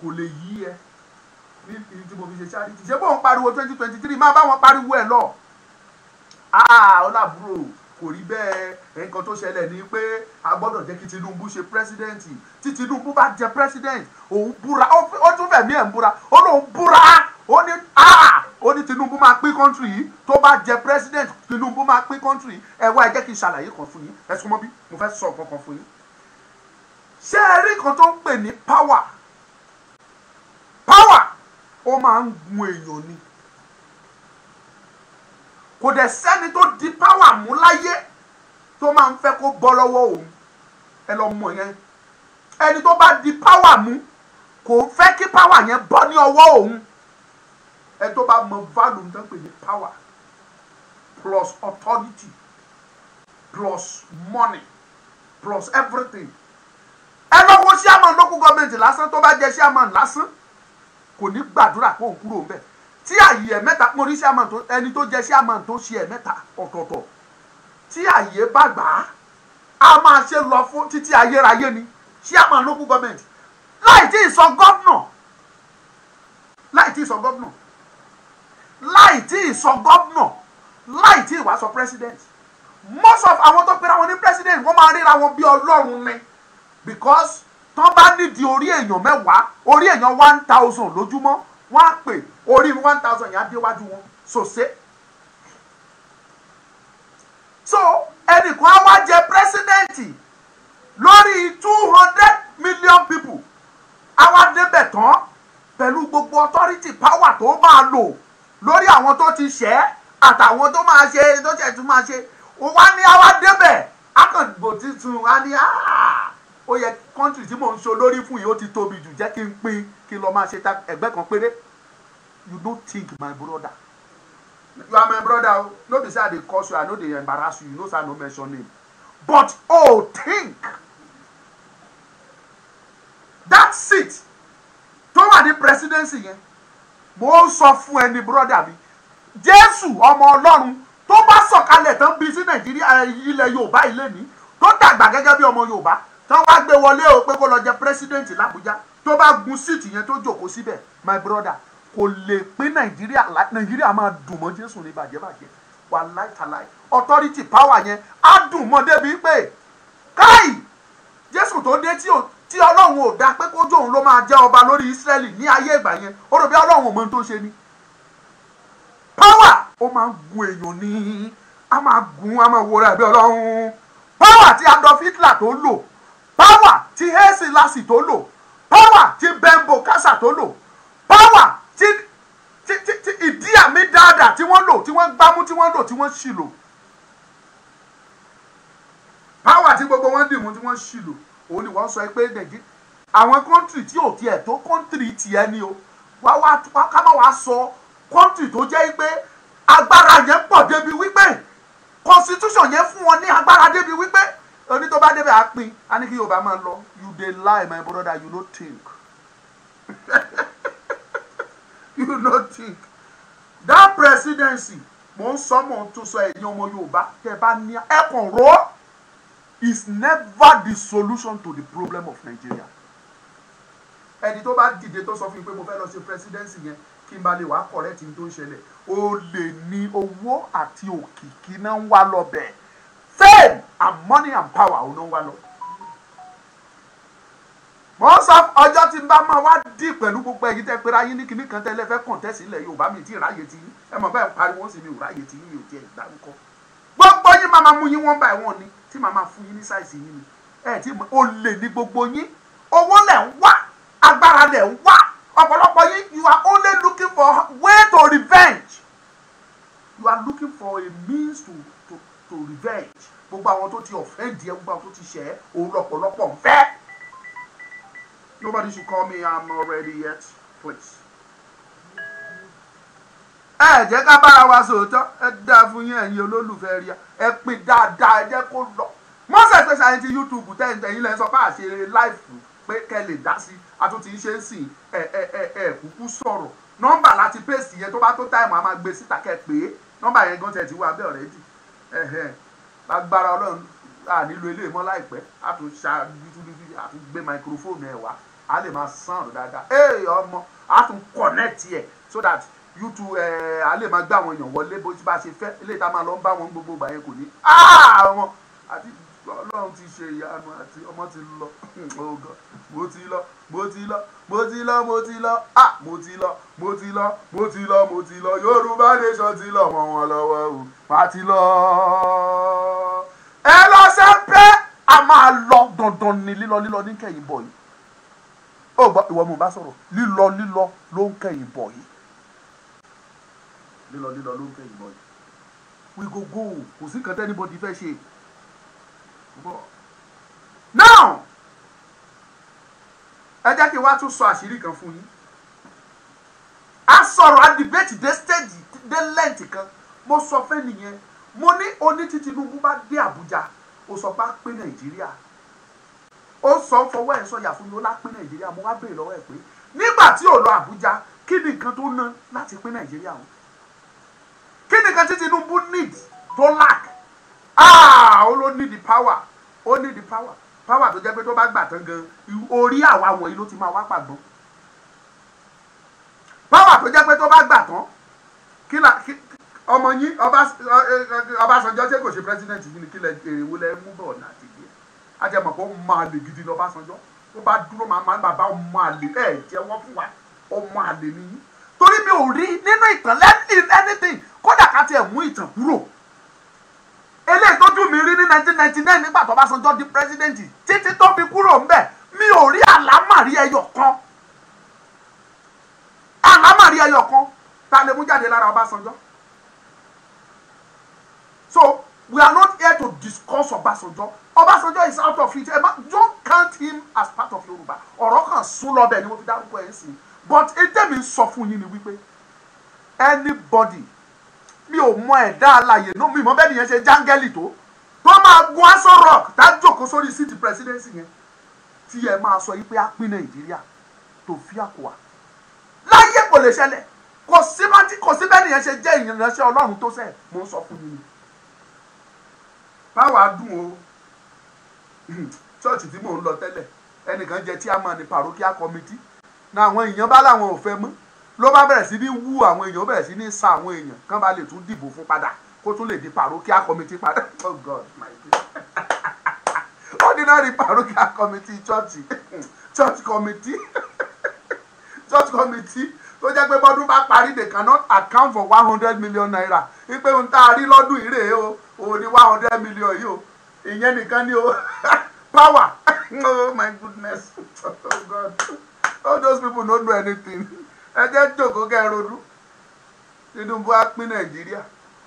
kò lè yí ẹ ní ibi tí mo fi ṣe ṣáríìtì ṣé bóun pariwo twenty twenty three máa bá wọn pariwo ẹ lọ ah ọlàbúrò kò rí bẹ́ẹ̀ nǹkan tó ṣẹlẹ̀ ni pé a gbọ́dọ̀ jẹ́ kí Tinubu ṣe president tí Tinubu bá jẹ president òun búra ó tún fẹ̀mí ẹ̀ ń búra ó lóun búra ó ní ó ní Tinubu máa pín country yìí tó bá jẹ president Tinubu máa pín country yìí ẹ wá ẹ jẹ́ kí n ṣàlàyé kan fún yín ẹ súnmọ́ bí mo fẹ́ sọ nǹkan kan fún yín ṣé ẹ rí nǹkan tó ń pè ní power power ó máa ń gun èèyàn ni kò dẹ̀ sẹ́ni tó di páwà mú láyé tó máa ń fẹ́ kó bọ́ lọ́wọ́ òun ẹ lọ mọ̀ yẹn ẹni tó bá di páwà mú kò fẹ́ kí páwà yẹn bọ́ ní ọwọ́ òun ẹni tó bá mọ value tó ń pè ní páwà plus authority plus money plus everything ẹ lọ wo chairman local government lásán tó bá jẹ chairman lásán kò ní gbàdúrà kó o kúrò ń tí àyè ẹ̀ mẹ́ta mo rí sí àmà tó ẹni tó jẹ sí àmà tó ṣe ẹ̀ mẹ́ta ọ̀tọ̀ọ̀tọ̀ tí àyè bá gbà á a máa ṣe lọ fún títí ayérayé ni sí àmà local government láì tí ì sọ gọ́vnà láì tí ì sọ gọ́vnà láì tí ì sọ gọ́vnà láì tí ì wá sọ president most of àwọn tó pera wọn ní president wọ́n máa ríra wọn bí ọlọ́run ni because tán bá nídìí orí èèyàn mẹ́wàá orí èèyàn one thousand lójúmọ́ wọ́n á pè orí one thousand yẹn á déwájú wọn sòsé. so ẹnìkan á wá jẹ pírẹsidẹ́ǹtì lórí two hundred million people á wá débẹ̀ tán pẹ̀lú gbogbo authority power tó máa lò lórí àwọn tó ti ṣẹ́ àtàwọn tó máa ṣe tó ṣe tún máa ṣe wọ́n á ní á wá débẹ̀ á kàn bò tuntun á ní á ó yẹ kọ́ńtì tí mò ń so lórí fún yìí ó ti tóbi jù jẹ́ kí n pín kí n lọ máa ṣe ta ẹgbẹ́ kan péré you don't think my brother you are my brother o no be say i dey curse you i no dey embarrass you you know say i no mention name but oh think that seat tó wà ní presidency yẹn mo ń sọ fún ẹni brother mi jésù ọmọ ọlọ́run tó bá sọ̀kalẹ̀ tán bí sí nàìjíríà ilẹ̀ yorùbá ilé ní tó dàgbà gẹ́gẹ́ bí ọmọ yorùbá tán wá gbé wọlé o pé kó lọ jẹ president làbújá tó bá gun síìtì yẹn tó jókòó síbẹ̀ my brother kò lè pín nàìjíríà nàìjíríà máa dùn mọ́ jésù ní bàjẹ́ bàjẹ́ wà láìtàláì authority power yẹn á dùn mọ́ débi pé káì jésù tó dé tí ọlọ́run ò dá pé kójú òun ló máa jẹ́ ọba lórí ísírẹ́lì ní ayé ìgbà yẹn ó rò bí ọlọ́run ò mọ tó ṣe ni power ó máa ń gun èèyàn ní a máa gun a máa wọra ẹ̀bí ọlọ́run power tí adolf hitler tó lò power ti hẹ́sì lásì tó lò power ti bẹ́ńbò kásà tó lò power ti ti ti ti ìdí àmì dáadáa tí wọ́n lò tí wọ́n gbámú tí wọ́n lò tí wọ́n ṣì lò power tí gbogbo wọn dìmú tí wọ́n ṣì lò òun ni wọ́n sọ pé nàìjíríà àwọn kọ́ńtì tí ò tiẹ̀ tó kọ́ńtì tiẹ̀ ni o wá wá ká má wá sọ kọ́ńtì tó jẹ́ pé agbára yẹn pọ̀ débi wípé constitution yẹn fún wọn ní agbára débi wípé oní tó bá débẹ̀ á pin á ní kí Yorùbá máa lọ you dey lie my brother you no think you no think that presidency mo ń sọ mo ń tún sọ ẹ̀yin ọmọ Yorùbá tẹ́ bá ní ẹkùn ró is never the solution to the problem of Nigeria ẹni tó bá dìde tó sọ fún mi pé mo fẹ́ lọ ṣe presidency yẹn kí n ba lè wá correct tí n tó ń ṣẹlẹ̀ o lè ní owó àti òkìkí náà ń wá lọ bẹ́ẹ̀ fame and money and power ò ló ń wá lọ. wọ́n sá ọjọ́ tí n bá máa wá dì pẹ̀lú gbogbo ẹ̀yin tẹ́ pera yín ní kinní kan tẹ́lẹ̀ fẹ́ kọ̀ǹtẹ́sì ilẹ̀ Yorùbá mi ti ráyè ti yín ẹ mọ̀ bẹ́ẹ̀ pariwo sí mi ò ráyè ti yín mi ò tiẹ̀ dárúkọ. gbogbo yín máa máa mú yín wọ́n báyìí wọ́n ni tí màá máa fún yín ní sáìsì yín ni ẹ̀ tí o lè ní gbogbo yín owó lẹ̀ ń wá agbára lẹ̀ ń wá ọ̀pọ̀lọpọ̀ yín you are only looking for way to revenge you are looking for a means to to revenge gbogbo àwọn tó ti offend ẹ gbogbo àwọn tó ti ṣẹ̀ òun lọ́pọ̀lọpọ̀ ń nobody should call me i'm not ready yet please. ẹ jẹ́ ká bára wa sòótọ́ ẹ dáa fún yín ẹ̀yin olólùfẹ́ rí ẹ pín dáadáa ẹ jẹ́ kó lọ most especially ti youtube tẹ́yìn tẹ́yìn lẹ́yìn sọ pé àṣẹ láìfù pé kẹ́ lè dá sí a tún ti ń ṣe é sìn ẹ ẹ ẹ ẹ kúkú sọ̀rọ̀ nọ́mbà láti paste yẹn tó bá tó táìmù a máa gbé síta kẹ́ pé nọ́mbà yẹn gan tẹ̀ ti wá bẹ́ẹ̀ ọ̀rẹ́dì agbára ọlọ́run a nílò ilé mọ́ láìpẹ́ a tún ṣá dúdúdúdú a tún gbé microphone ẹ̀ wá a lè máa sound dáadáa ee ọmọ a tún connect ẹ̀ so that youtube ẹ̀ a lè máa gbá àwọn èèyàn wọlé bó ti bá ṣe fẹ́ ilé ìta máa lọ ń bá wọn gbogbo ìgbà yẹn kò ní àwọn ah, àti ọlọ́run ti ṣe ìyanu àti ọmọ ti lọ oògùn oh mo ti lọ mo ti lọ mo ti lọ mo ti lọ yorùbá nation ti lọ mọ́ wọn lọ́wọ́ o má ti lọ. ẹ lọ sẹ́ńpẹ́ a máa lọ dandan ni lílọ lílọ ní kẹ́yìn bọ̀ yìí ó gbọ́ ìwọ mo bá sọ̀rọ̀ lílọ lílọ ló ń kẹ́yìn bọ̀ yìí lílọ lílọ ló ń kẹ́yìn bọ̀ yìí we go go kò sí kan tẹ́nibọ́dì fẹ́ ṣe. now ẹ jẹ́ kí n wá tún sọ àṣírí kan fún yín a sọ̀rọ̀ a debate dé stage dé lẹ́ǹtì kan mo sọ fẹ́ nìyẹn mo ní oní tí Tinubu bá dé Àbújá ó sọ pé a pé Nàìjíríà ó sọ fọwọ́ ẹ̀ sọyà fún mi ó lá pé Nàìjíríà mo wá béèrè lọ́wọ́ ẹ̀ pé nígbà tí ò lọ Àbújá kí ni nǹkan tó ná láti pé Nàìjíríà o kí ni nǹkan tí Tinubu need tó lack ah ó ló need the power ó need the power power tó jẹ́ pé tó bá gbà tán gan orí àwa wọ̀nyí ló ti máa wá pàgbọ́n power tó jẹ́ pé tó bá gbà tán kí la ọmọ yín Ọbásanjọ́ ṣé kò ṣe president yìí ni kí lẹ èrè wo lẹ mú bọ̀ ọ̀nà àti ìgbé ajẹmọ̀ pé ó máa lè gidi lọ Ọbásanjọ́ ó bá dúró máa máa bàbá ọmọ àlè ẹ̀ jẹ́ wọ́n fún wa ọmọ àlè nìyí torí mi ò rí nínú ìtàn lẹ́yìn anything kódà ká tiẹ̀ mú ìtàn kúrò dùn mí rí ní nineteen ninety nine nígbà tó Ọbásanjọ́ di president títí tó fi kúrò ń bẹ̀ mi ò rí àlámàrí ẹyọ kan àlámàrí ẹyọ kan ta lè mú jáde lára Ọbásanjọ́ so we are not here to discuss Ọbásanjọ́ Ọbásanjọ́ is out of it emma don't count him as part of Yorùbá ọ̀rọ̀ kan sún lọ́bẹ̀ ni mo fi dárúkọ ẹ̀ sí but ètèmi sọ fún yín ni wípé anybody mi ò mọ ẹ̀dá alàyè náà mi mọ bẹ́ẹ̀ nìyẹn ṣe jángẹ́lì tó tó máa gun aṣọ rock dájòkó sórí síìtì presidency yẹn tí ẹ máa sọ yìí pé a pín nàìjíríà tó fi àkùwà láyé kò lè ṣẹlẹ̀ kò sí mọ́tí kò sí bẹ́ẹ̀ nìyẹn ṣe jẹ́ ìrìnàṣẹ́ ọlọ́run tó sẹ̀ mo ń sọ fún yín ni. báwa dùn o ṣọ́ọ̀ṣì tí mò ń lọ tẹ́lẹ̀ ẹnìkan jẹ́ chairman ní parokia committee na àwọn èèyàn bá làwọn ò fẹ́ mọ́ ló bá bẹ̀rẹ̀ sí ní wú àwọn èèyàn bẹ̀rẹ̀ sí ní sa àwọn èèyàn kán bá lè tún dìbò fún padà kó tún lè di parokia committee padà oh god my dear ordinary parokia committee church church committee church committee tó jẹ́ pé bọ́dún bá parí they cannot account for one hundred million naira wípé ohun tá a rí lọ́dún yìí rèé o òun ni one hundred million yìí o ìyẹn nìkan ni o power oh my goodness oh god all those people no know anything ẹ jẹ́ jòkó kẹ́ ẹ ronú Tinubu á pín Nàìjíríà.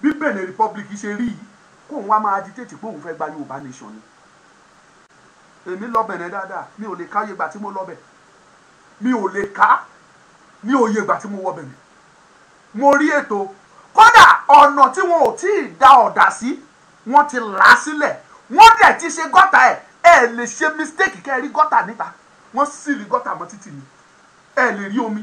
bí Benin Republic ṣe rí yìí kóun wá máa agitate pé òun fẹ́ gba Yorùbá nation ni èmi lọ Benin dáadáa mi ò lè ká oyè ìgbà tí mo lọ bẹ̀ mi ò lè ká ní oyè ìgbà tí mo wọ Benin mo rí ètò kódà ọ̀nà tí wọn ò tí ì da ọ̀dà sí wọ́n ti là á sílẹ̀ wọ́n dẹ̀ ti ṣe gọ́tà ẹ̀ ẹ̀ lè ṣe mistake kẹ́ gọ́tà níta wọ́n sì rí gọ́tà mọ́ títì ni ẹ̀ lè rí omi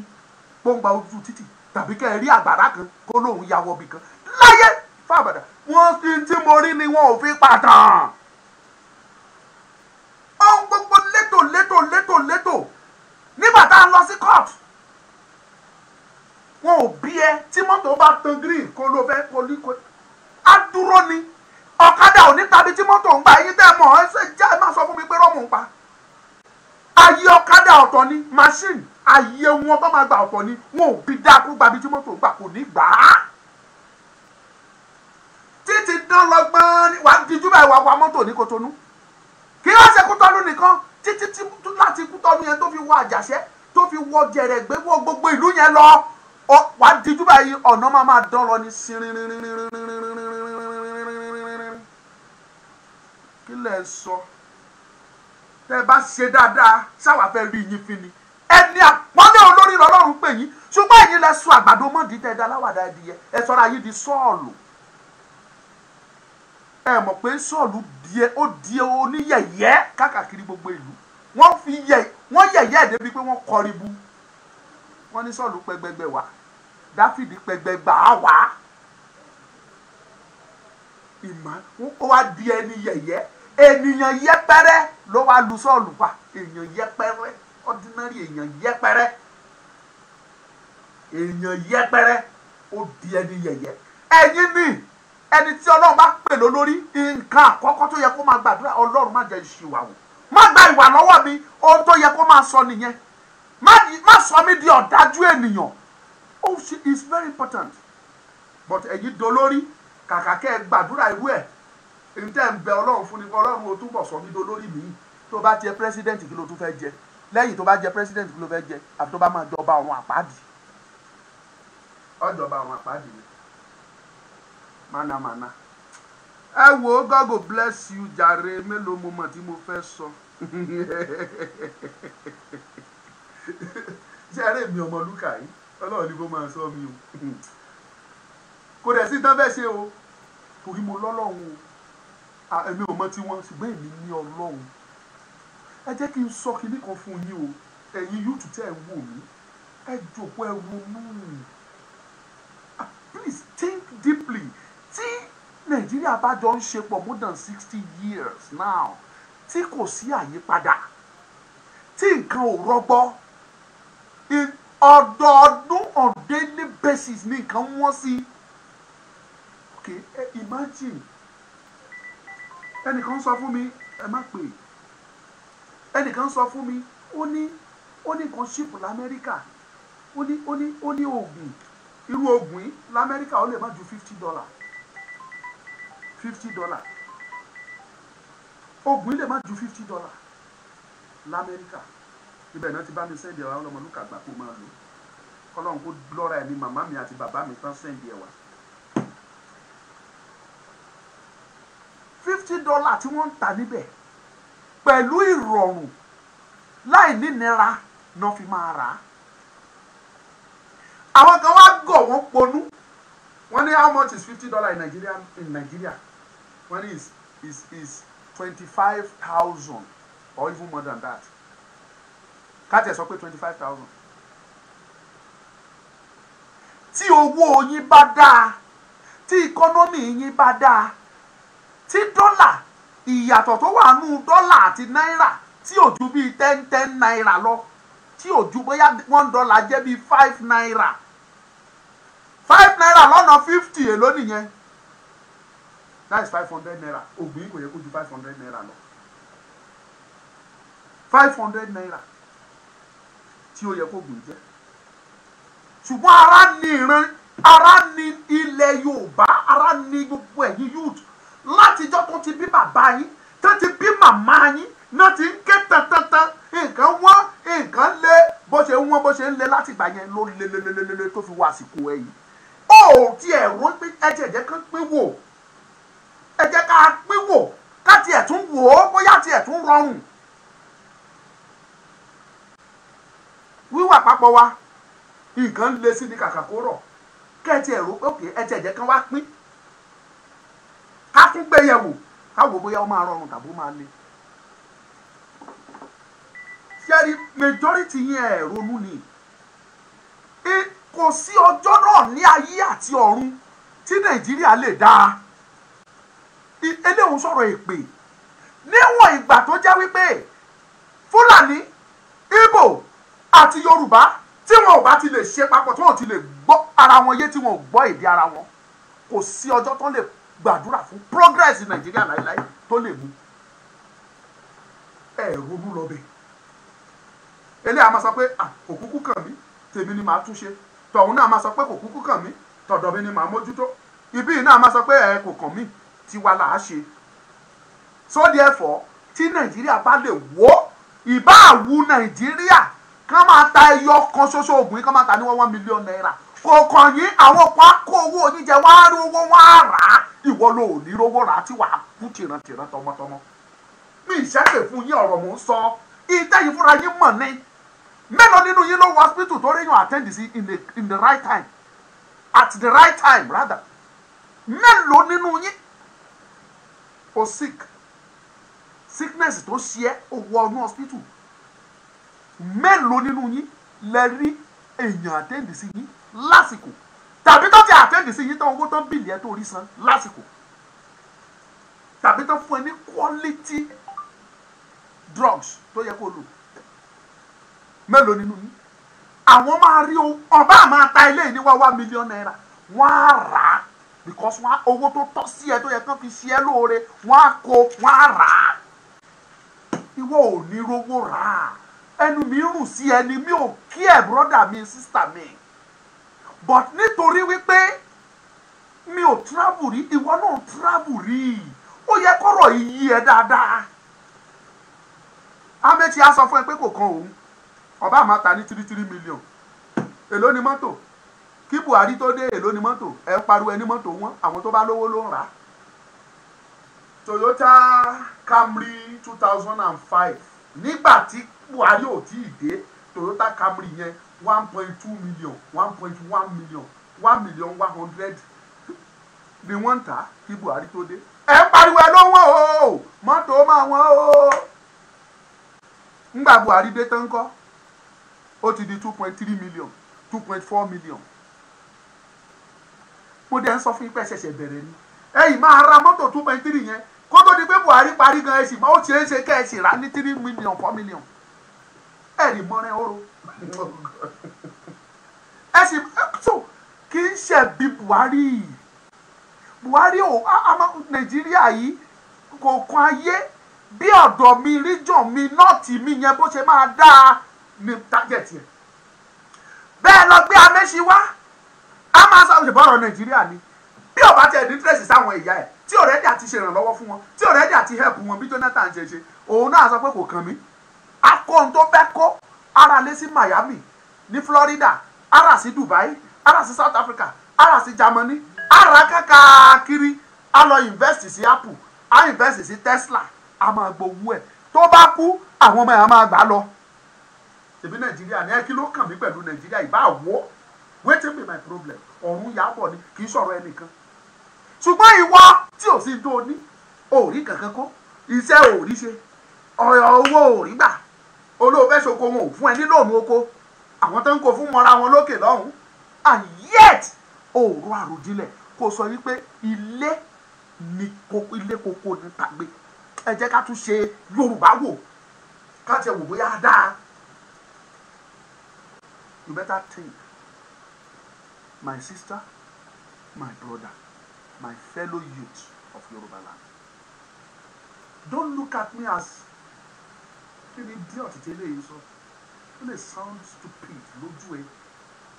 gbóngbà ojú títì tàbí kẹ́ ẹ rí àgbàrá kan kó lóun ya wọbi kan láyé fàbàdà wọ́n fi tí mo rí ni wọn ò fi pàtàn. ohun gbogbo létò létò létò létò nígbà tá a lọ sí court wọn ò bí ẹ tí mọ́tò bá tan green kó ló fẹ́ koríko á dúró ni ọ̀kadà ò ní tàbí tí mọ́tò ń gba ẹyin tẹ́ mọ̀ ẹ́ ṣe já ẹ má sọ fún mi pé rọ́ọ̀mù ń pa ayé ọ̀kadà ọ̀tọ̀ ni machine ayé wọn bá máa gbà ọ̀tọ̀ ni wọn ò bí dáa kó gbabi tí mọ́tò gbà kò ní gbà á títí dán lọ gbọ́n ní wàá dijú báyìí wàá wa mọ́tò ní Kòtónú kí wọ́n ṣe Kútọ́nù nìkan títí láti Kútọ́nù yẹn tó fi wọ Àjàṣẹ́ tó fi wọ Jẹ̀rẹ̀gbẹ́ wọ gbogbo ìlú yẹn lọ wàá dijú báyìí ọ̀nà máa máa dán lọ ní sinrinrinrinrinrinrinrinrinrinrinrin kí lẹ̀ sọ tẹ́ bá ṣe dáadáa ṣáwà fẹ́ rí yín fi ni ẹni àpọ́nlé olórí lọ́lọ́run pè yín ṣùgbọ́n ẹ̀yin lẹ sọ àgbàdo mọ́dìí tẹ́ dá láwàdà ẹ̀dìyẹ ẹ̀ sọ́ra yín di sọ́ọ̀lù ẹ mọ̀ pé sọ́ọ̀lù díẹ̀ ó di oníyẹ̀yẹ́ káàkiri gbogbo ìlú wọ́n fi yẹ wọ́n yẹ̀yẹ́ ẹ̀ débi pé wọ́n kọrin bu wọ́n ní sọ́ọ̀lù pẹgbẹgbẹ wá dáfídì pẹgbẹgbà á wá ìmọ̀ ó wá di ẹni yẹ̀yẹ́ ènìyàn yẹpẹrẹ ló wá lu sọ́ọ̀lù pa èèyàn yẹpẹrẹ ordinary èèyàn yẹpẹrẹ èèyàn yẹpẹrẹ ó di ẹni yẹ̀yẹ́ ẹ̀yin ni ẹni tí ọlọ́run bá pè lólórí nǹkan àkọ́kọ́ tó yẹ kó máa gbàdúrà ọlọ́run má jẹ́ ìṣìwàwò má gba ìwà lọ́wọ́ mi ohun tó yẹ kó máa sọ nìyẹn má sọ mí di ọ̀dájú ènìyàn oh she is very important but ẹ̀yin dolórí kàkà kẹ́ ẹ gbàdúrà irú ẹ̀ èyí tẹ́ ń bẹ ọlọ́run fún ni ọlọ́run ó túbọ̀ sọ mí dolórí mi tó bá jẹ president kí ló tún fẹ́ jẹ lẹ́yìn tó bá jẹ president kí ló fẹ́ jẹ àti tó bá máa jọba àwọn àpáàdì ọjọba àwọn àpáàdì ni mànàmáná ẹ wo God go bless you jàre mélòó mo mọ̀ tí mo fẹ́ sọ jàre mi ọmọ lúkà yìí ọlọ́run ni kó máa sọ mi o kò dẹ̀ sí tán bẹ́ẹ̀ ṣe o torí mo lọ́lọ́run o èmi ò mọ tiwọn ṣùgbọ́n èmi ní ọlọ́run ẹ jẹ́ kí n sọ kinní kan fún yín o ẹ̀yin yóò tún tẹ́ ẹ wò mí ẹ jòkó ẹ ronú ah, please think deeply tí nàìjíríà bá jọ ń ṣe pọ̀ more than sixty years now tí kò sí àyípadà tí nǹkan ò rọgbọ ọdọọdún on daily basis ní nǹkan wọ́n sí okay imagine ẹnìkan sọ fún mi ẹ má pè ẹnìkan sọ fún mi ó ní ó ní nǹkan ṣìpù lamẹ́ríkà ó ní ó ní ó ní oògùn irú oògùn yìí lamẹ́ríkà ó lè má ju fifty dollars fifty dollar oògùn ilé má ju fifty dollar lamẹ́ríkà ibẹ̀ náà ti bá mi sẹ́ndì ẹ̀wà ọlọ́mọlúkà gbà kó máa lò kọ́lọ́n kó lọ́ra ẹ̀mí màmá mi àti bàbá mi tán sẹ́ndì ẹ̀wà. fifty dollar tí wọ́n ń tà níbẹ̀ pẹ̀lú ìrọ̀rùn láì nínira náà fi máa rà á. àwọn kan wá gọ̀ wọ́n ponú wọ́n ní how much is fifty dollar in Nigeria in Nigeria money is is is twenty five thousand or even more than that káàtì sọ pé twenty five thousand tí owó yín bá dáa tí ìkọ́nọ́mì yín bá dáa tí dọ́là ìyàtọ̀ tó wà nù dọ́là àti náírà tí ò ju bíi ten ten náírà lọ tí ò ju bóyá one dollar jẹ́ bíi five náírà five náírà lọ́nà fifty èló nìyẹn that is five hundred naira ògbìn kò yẹ kó ju five hundred naira lọ five hundred naira tí ó yẹ kó gbìn jẹ ṣùgbọ́n ara ni ìran ara ni ilẹ̀ Yorùbá ara ni gbogbo ẹ̀yin youth látijọ́ tó ti bí bàbá yín tó ti bí màmá yín náà ti ń ké tantantan nǹkan wọ́n nǹkan lé bó ṣe ń wọ́n bó ṣe ń lé látìgbà yẹn ló lé lé lé lé tó fi wá àsìkò ẹ̀yìn ó tiẹ̀ rò pé ẹ̀jẹ̀ jẹ́ kán pé wò ẹ jẹ́ ká pín wò ká tiẹ̀ tún wò ó bóyá tiẹ̀ tún rọrùn. wíwà papọ̀ wa nǹkan le sí ni kàkà kó rọ̀ kẹ́ ẹ tiẹ̀ rò ókè ẹ tiẹ̀ jẹ́ kán wá pín ká tún gbé yẹ̀wò ká wò bóyá ó máa rọrùn tàbí ó máa le. ṣẹ́ni majority yẹn ẹ̀ ronú ni kò sí ọjọ́ náà ní ayé àti ọ̀run tí nàìjíríà lè dáa eléhùn sọ̀rọ̀ èpè níwọ̀n ìgbà tó jẹ́ wípé fúlàní ìgbò àti yorùbá tí wọn ò bá ti lè ṣe papọ̀ tí wọn ò ti lè gbọ́ ara wọn yé tí wọn ò gbọ́ èdè ara wọn kò sí ọjọ́ tó lè gbàdúrà fún progress nàìjíríà láéláé tó lè mú ẹ ronú lọ́bẹ̀ eléyà máa sọ pé kò kúkú kàn mí tèmi ni màá túnṣe tọ̀hún náà máa sọ pé kò kúkú kàn mí tọ̀dọ̀ mi ni màá mójútó ibí náà máa sọ pé ẹ kò kàn mí tiwa là á ṣe so therefore tí nàìjíríà bá lè wó ìbá àwù nàìjíríà kán máa ta ẹyọ kan ṣoṣo oògùn yìí kán máa ta ní one million naira kò kàn yín àwọn kan á kó owó oníjẹ wá rí owó wá rà á ìwọ ló ò ní rówó rà á tí wàá kú tìrantìran tọmọtọmọ mi ìṣẹ́pẹ̀ fún yín ọ̀rọ̀ mò ń sọ ìtẹ́ yìí fúnra yín mọ̀ ní mélòó nínú yín ló wọ hospital tó réyàn attend sí in the in the right time at the right time rather mélòó nínú yín o sick sickness tó ṣe ẹ́ o wọ inú hospital mélòó nínú yín lẹ rí èèyàn àtẹ́ǹdì sí yín lásìkò tàbí tó ti àtẹ́ǹdì sí yín tó owó tó ń bìlì ẹ́ tó rí san lásìkò tàbí tó fún ẹ ní quality drugs tó yẹ kó lò mélòó nínú yín àwọn máa rí ọba máa ta ilé ní wá wá mílíọ̀nù náírà wọ́n á rà á because wọn owó tó tọ́ sí ẹ tó yẹ kán fi ṣe ẹ lóore wọn á kó wọn á rà á ìwọ ò ní rówó rà á ẹnu mi rùn sí ẹni mi ò kí ẹ brọ́dà mi sísà mi but nítorí wípé mi ò travel rí ìwọ náà travel rí ó yẹ kọ́rọ̀ yìí yí ẹ dáadáa amechi á sọ fún ẹ pé kò kan òun ọba àmàta ní tírítírí mílíọ̀n èló ni mọ́tò kí Buhari tó dé èlò ní mọ́tò ẹ pariwo ẹni mọ́tò wọn àwọn tó bá lówó ló ń rà á. Toyota Camry two thousand and five nígbà tí Buhari ò tí ì dé Toyota Camry yẹn one point two million one point one million one million one hundred ni wọ́n ń tà á kí Buhari tó dé. ẹ pariwo ẹ lówó o mọ́tò máa wọ́n o ńgbà Buhari dé tán kọ́ ó ti di two point three million two point four million mo dẹ̀ ń sọ fún yín pé ṣẹ̀ṣẹ̀ bẹ̀rẹ̀ ni ẹ̀yìn máa ra mọ́tò two point three yẹn kó tó di pé Buhari parí gan ẹ̀sìn máa ó ṣe é ṣe kẹ́ ẹ̀sìn rà ní three million four million ẹ̀rì mọ́rin oró ẹ̀sìn tó kì í ṣe bí Buhari Buhari ò Nàìjíríà yìí kò kan ayé bí ọ̀dọ̀ mi region mi nọ́ọ̀tì mi yẹn bó ṣe máa dáa ní tájẹ̀tì ẹ̀ bẹ́ẹ̀ lọ gbé amẹ́sí wá a máa sábà ṣèbọ̀ ọ̀rọ̀ nàìjíríà ni bí ọba tẹ ẹ̀dín tẹ̀sí sáwọn ìyá ẹ̀ tí ọ̀rẹ́dì àti ṣèrànlọ́wọ́ fún wọn tí ọ̀rẹ́dì àti help wọn bí Jonathan ṣe ṣe òun náà sọ pé kò kàn mí akóhun tó fẹ́ kó ara lé sí Miami ní Florida ara sí Dubai ara sí South Africa ara sí Germany ara kákàkiri a lọ invest sí Apple a invest sí Tesla a máa gbowó ẹ̀ tó bá kú àwọn ọmọ ẹ̀ á máa gbà lọ ṣèbí Nàìjíríà ní ẹ kí ló kàn mí pẹ̀lú Nàìjíríà ìbá àwọ̀ wetin be my problem ọ̀run yàbọ̀ ni kì í sọ̀rọ̀ ẹnìkan ṣùgbọ́n ìwọ tí ò sí tó ní òòrí kankan kó iṣẹ́ òòrí ṣe ọ̀yọ̀ owó òòrí gbà olóòfẹ́ ṣoko wọn ò fún ẹ nílò òun oko àwọn tó ń kó fún mọ́ra wọn lókè lọ́hùn and yet òòrò àròjinlẹ̀ kò sọ wípé ilé ni ilé koko ni tàgbé ẹ jẹ́ ká tún ṣe Yorùbá wò ká tiẹ̀ wò bóyá dáa you better think my sister, my brother, my fellow youth of Yoruba land. Don't look at me as an idiot It yìí sound stupid lójú ẹ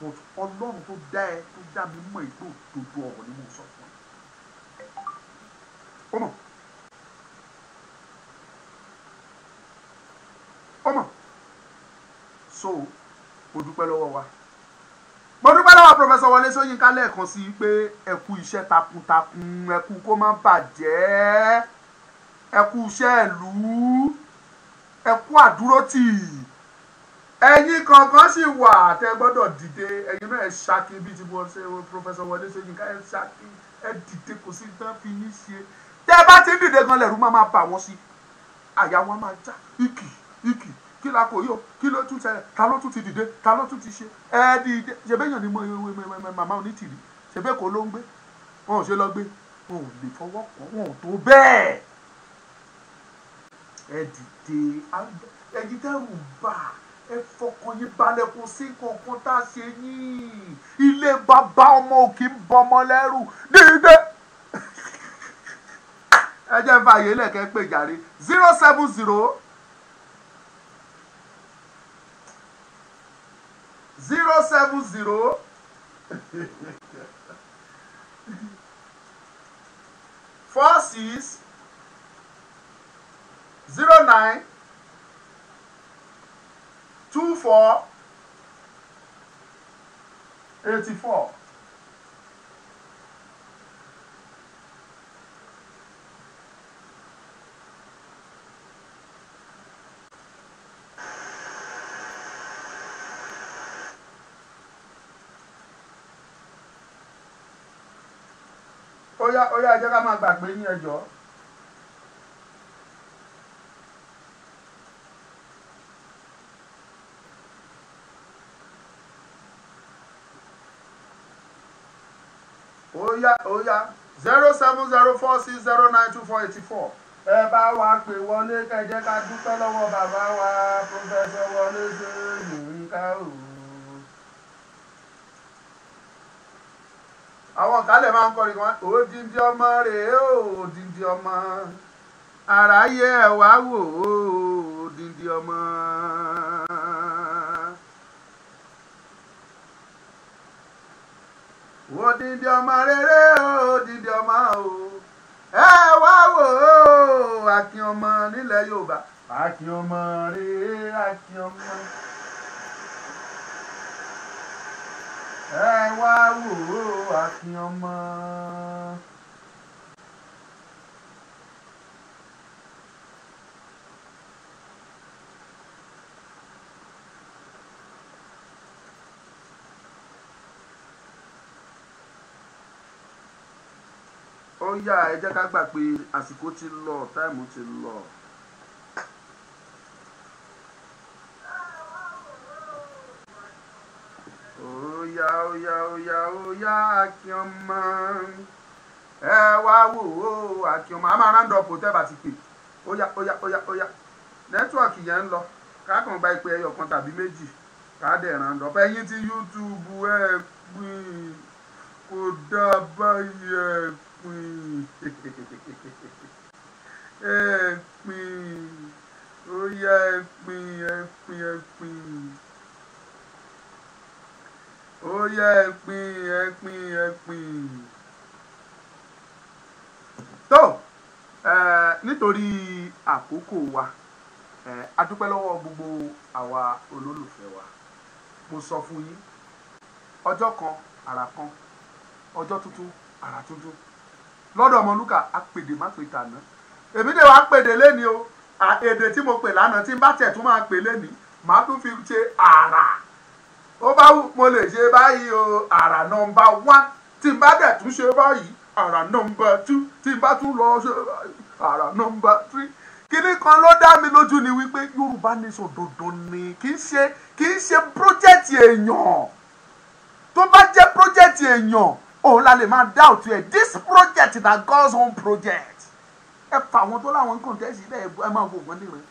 but Ọlọ́run tó dá ẹ tó dá mi mọ̀ ìgbò gbogbo ọ̀rọ̀ ni mo sọ fún ẹ. So, o dúpẹ́ lọ́wọ́ wa dúpẹ́ lọ́wọ́ pọfẹsọ wọlé ṣóyínká lẹ́ẹ̀kan sí i pé ẹ kú iṣẹ́ takuntakun ẹ kú kó má bàjẹ́ ẹ kú iṣẹ́ ìlú ẹ kú àdúrótì ẹ̀yin kankan sì wà tẹ́ gbọ́dọ̀ dìde ẹ̀yin náà ẹ ṣáké bíi ti wọ́n ṣe pọfẹsọ wọlé ṣóyínká ẹ ṣáké ẹ dìde kò sí tán fi yín ṣe tẹ́ bá ti ń dìde gan lẹ́rù máa máa bà wọ́n sí àyà wọn máa já ìkì ìkì kí la kò yí o kí ló tún ṣẹlẹ̀ ta ló tún ti dìde ta ló tún ti ṣe ẹ dìde ṣèbéyàn ni màmá onítìrí ṣèbẹ́ kò ló ń gbé wọn ò ṣe lọ gbé wọn ò lè fọwọ́ kàn wọn ò tó bẹ́ẹ̀ ẹ dìde ẹ̀yin dẹ́rù bà ẹ fọkàn yín balẹ̀ kò sí kankan tá a ṣe yín ilé bàbá ọmọ ò kì í bọmọ lẹ́rù dìde ẹ jẹ́ ń fa pé jàre zero seven zero. zero seven zero four six zero nine two four eighty four. óyá óyá ẹ jẹ́ ká máa gbàgbé ní ẹjọ óyá óyá zero seven zero four six zero nine two four eighty four ẹ bá wa pè wọlé kẹ́ ká dúpẹ́ lọ́wọ́ bàbá wa pọfẹsọ Wọlé Ṣóyínká òun. àwọn kálẹ̀ máa ń kọrin kan odindi ọmọ rèé o odindi ọmọ aráyé ẹ wò odindi ọmọ. odindi ọmọ rere o odindi ọmọ o ẹ wá wò ó akin ọmọ nílẹ̀ Yorùbá akin ọmọ rèé akin ọmọ. ẹ wá wò ó ọ ya ó ẹ jẹ́ ká gbà pé àsìkò ti lọ táìmù ti lọ. óyá óyá óyá ya akioma ẹ wá wò ó akioma a máa round up tẹ́ bá ti pè óyá óyá óyá óyá nẹ́tíwọ̀kì yẹn ń lọ kákan bá ìpè ẹyọ kan tàbí méjì káàdẹ̀ round up ẹ̀yin ti YouTube ẹ pín kò dá báyìí ẹ pín ẹ pín óyá ẹ pín ẹ pín ẹ pín. ó yẹ ẹ pín ẹ pín ẹ pín. tó nítorí àkókò wa a lọ́wọ́ gbogbo àwa olólùfẹ́ wa mo sọ fún yín ọjọ́ kan ara kan ọjọ́ tuntun ara tuntun lọ́dọ̀ ọmọlúkà apèdè má pè tàná èmi dè wá pèdè lẹ́ni o èdè tí mo pè lánàá tí n bá tẹ̀ tún máa pè lẹ́ni màá tún fi ṣe àrà. ó bá wù mo lè ṣe báyìí o àrà nọmba one tí n bá dẹ̀ tún ṣe báyìí àrà nọmba two tí n bá tún lọ ṣe báyìí àrà nọmba three kíní kan ló dá mi lójú ni wípé Yorùbá Nation òdodo ni kì í ṣe kì í ṣe pírójẹ́tì èèyàn tó bá jẹ́ pírójẹ́tì èèyàn òun la lè máa dá òtún ẹ̀ this project na God's own project ẹ fà wọn tó láwọn ń kàn tẹ́sí bẹ́ẹ̀ ẹ máa wò wọ́n nìyẹn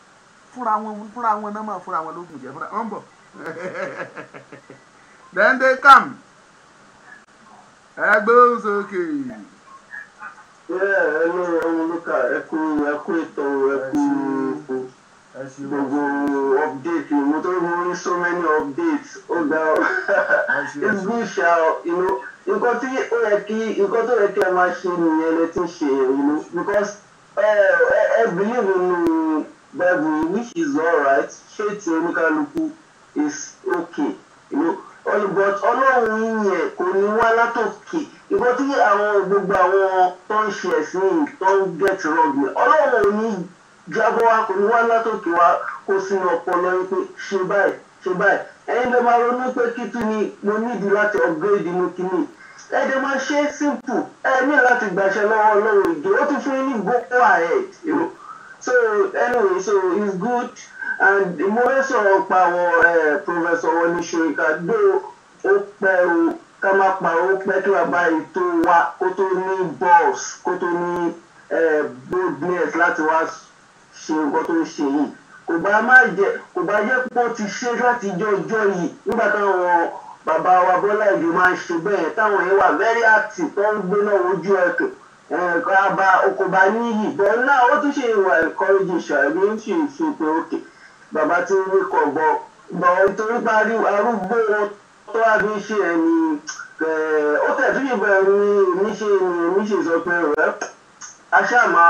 fúnra wọn fúnra wọn náà máa fúnra wọn lóògùn jẹ fúnra wọn bọ̀. then they come. Ẹgbẹ́ sókè. Ẹnu ọmọlúkà ẹkú ẹkú ìtàn ẹkú gbogbo update mo tó mú so many updates ó gbà ọ́ ibi ìṣà inú nǹkan tí ó yẹ kí nǹkan tó yẹ kí ẹ máa ṣe nìyẹn lè tún ṣe inú because ẹ ẹ believe in Bible which is alright ṣé ti oníkálukú is okay you know but ọlọ́run yìnyẹn kò ní wá látòkè ìbọn tí àwọn gbogbo àwọn tó ń ṣe ẹ̀sìn tó ń get wrong yẹn ọlọ́run ò ní jábọ́ wa kò ní wá látòkè wa kó sínú ọpọlọ yín pé ṣe báyìí ṣe báyìí ẹ̀yin lè máa ronú pé kí tún ni mo nídìí láti upgrade mo kí ni ẹ dẹ̀ máa ṣe é simple ẹ ní láti gbàṣẹ lọ́wọ́ ọlọ́run ìdè ó ti fún yín ní go ahead you know so anyway so it's good and mo fẹ́ sọ̀rọ̀ pa àwọn professor Wọlé Ṣóyínká dó ó pẹ́ o ká má pa ó pẹ́ kí bàbá yìí tó wá kó tó ní balls kó tó ní boldness láti wá ṣe nǹkan tó ń ṣe yìí kò bá má jẹ kò bá jẹ pé ó ti ṣe láti jọ ọjọ́ yìí nígbà táwọn bàbá wa Bọ́lá Ìgè máa ń ṣe bẹ́ẹ̀ táwọn yẹn wà very active tó ń gbé náà ojú ẹ̀kẹ́ ẹ̀ka bá okòbá níyì bọ́ọ̀ náà ó tún ṣe ìwà encouraging ṣàlùyẹ̀ ń ṣe ìṣètò òkè bàbá tí ń wékọ̀ gbọ́ gbọ́ nítorí parí arúgbó wọn tó wà fi ṣe ẹni eh, ó tẹ̀sí ìbọn ẹni èmi ṣe ẹni èmi ṣe sọ pé rẹ̀ aṣáàmà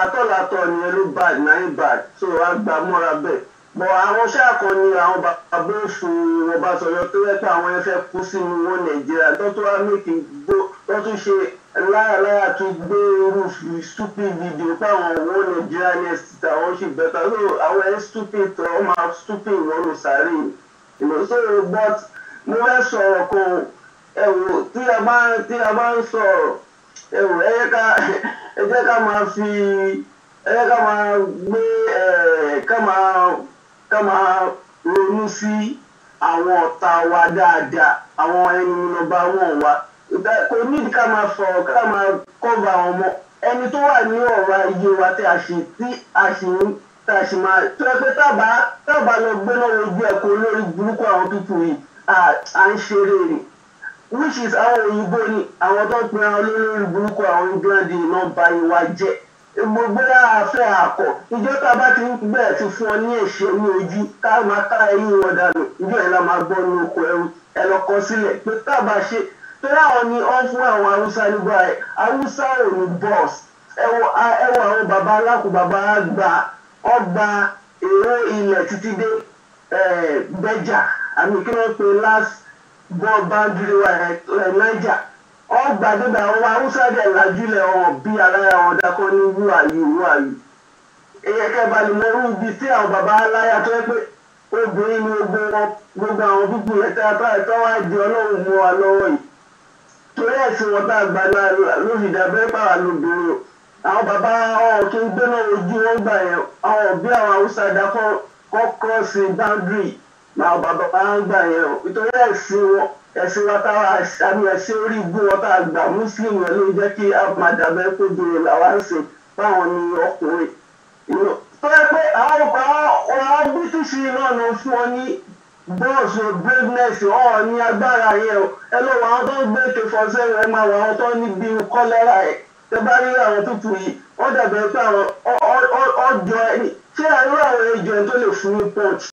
atọ́làtọ̀ ni ẹ ló bad náà ń bad so a gbà mọ́ra bẹ́ẹ̀ bọ̀ àwọn ṣáàkọ ni àwọn bàbá òfin Ọbásanjọ́ tó yẹ pé àwọn ẹ fẹ́ kú sínú wọn Nàìjíríà tó tó wá mẹ́kì gbó tó tún ṣe láyàláyà tún gbé irú stupid video táwọn owó nàìjíríà ní ẹsítà wọn ṣì bẹta so àwọn ẹ stupid tó wọn máa stupid wọn ló sáré ìlú so but mo fẹ́ sọ̀rọ̀ kan ẹ wò tí a bá tí a bá ń sọ̀rọ̀ ẹ wò ẹ yẹ ká ẹ jẹ́ ká máa fi ẹ yẹ ká máa gbé ẹ ká máa ká máa ronú sí àwọn ọ̀tá wa dáadáa àwọn ẹni nọ́mbà wọn wa kò ní ká máa sọ̀rọ̀ ká máa kọ́va àwọn ọmọ ẹni tó wà ní ọ̀rọ̀ ayé wa tí a ṣe tí a ṣe ń tá a ṣe máa tó ẹ pé tábà tábà lọ gbé lọ́wọ́ ojú ẹ̀kọ́ lórí burúkú àwọn pípù yìí à ń ṣeré rè which is àwọn òyìnbó ni àwọn tó ń pin àwọn olórí burúkú àwọn England náà ba ìwà jẹ́ gbogbo láàfẹ́ àkọ́ ìjọ tá a bá ti bẹ̀rẹ̀ ti fún ọ ní èṣe ní ojú ká máa ká ẹyìn wọn dànù ìjọ ẹ̀ la máa gbọ́ ní oko ẹrú ẹ lọ sílẹ̀ pé tábà ṣe torí àwọn ni ọ fún àwọn haúsá nígbà ẹ̀ haúsá ò ní bọ́ọ̀sì ẹwọ àwọn baba alákùn bàbá gba ọgbà èrò ilẹ̀ títí dé bẹ́jà àmì kí wọ́n pe last ball boundary ẹ̀ niger ọgbà débẹ̀ àwọn haúsá dẹ̀ bí aláya wọn dákọ́ ní ibi tí àwọn baba aláya tó yẹ pé obìnrin ni gbogbo àwọn ọlọ́run wa players wọn tá a gbà náà ló fi dàbẹ́ pàrà lóbìnrin àwọn bàbá ọ̀hún kí n gbéná ojú wọn gbà yẹn àwọn òbí àwọn haúsá dákọ́ kọ́ kọ́ọ̀sì boundary làwọn bàbá wọn gbà yẹn o nítorí ẹ̀sìn wọn ẹ̀sìn wọn tá a àmì ẹ̀sìn orí igbó wọn tá a gbà muslim yẹn ló jẹ́ kí a máa dàbẹ́ kó dòrò làwọn ń sìn báwọn ni ọkùnrin tó yẹ pé àwọn ọkọ̀ àwọn british náà ló fún ọ ní bó o ṣe braveness ọ̀ ní agbára yẹn o ẹ lọ wọ àwọn tó ń gbé ètò fọ́sẹ́rù ẹ máa wọ àwọn tó ní bí kọ́lẹ́rà ẹ̀ tẹ bá rí àwọn tútù yìí wọ́n dàbẹ̀ pé àwọn ọjọ́ ẹni ṣé àárọ̀ àwọn ẹjọ́ tó lè fún ní punch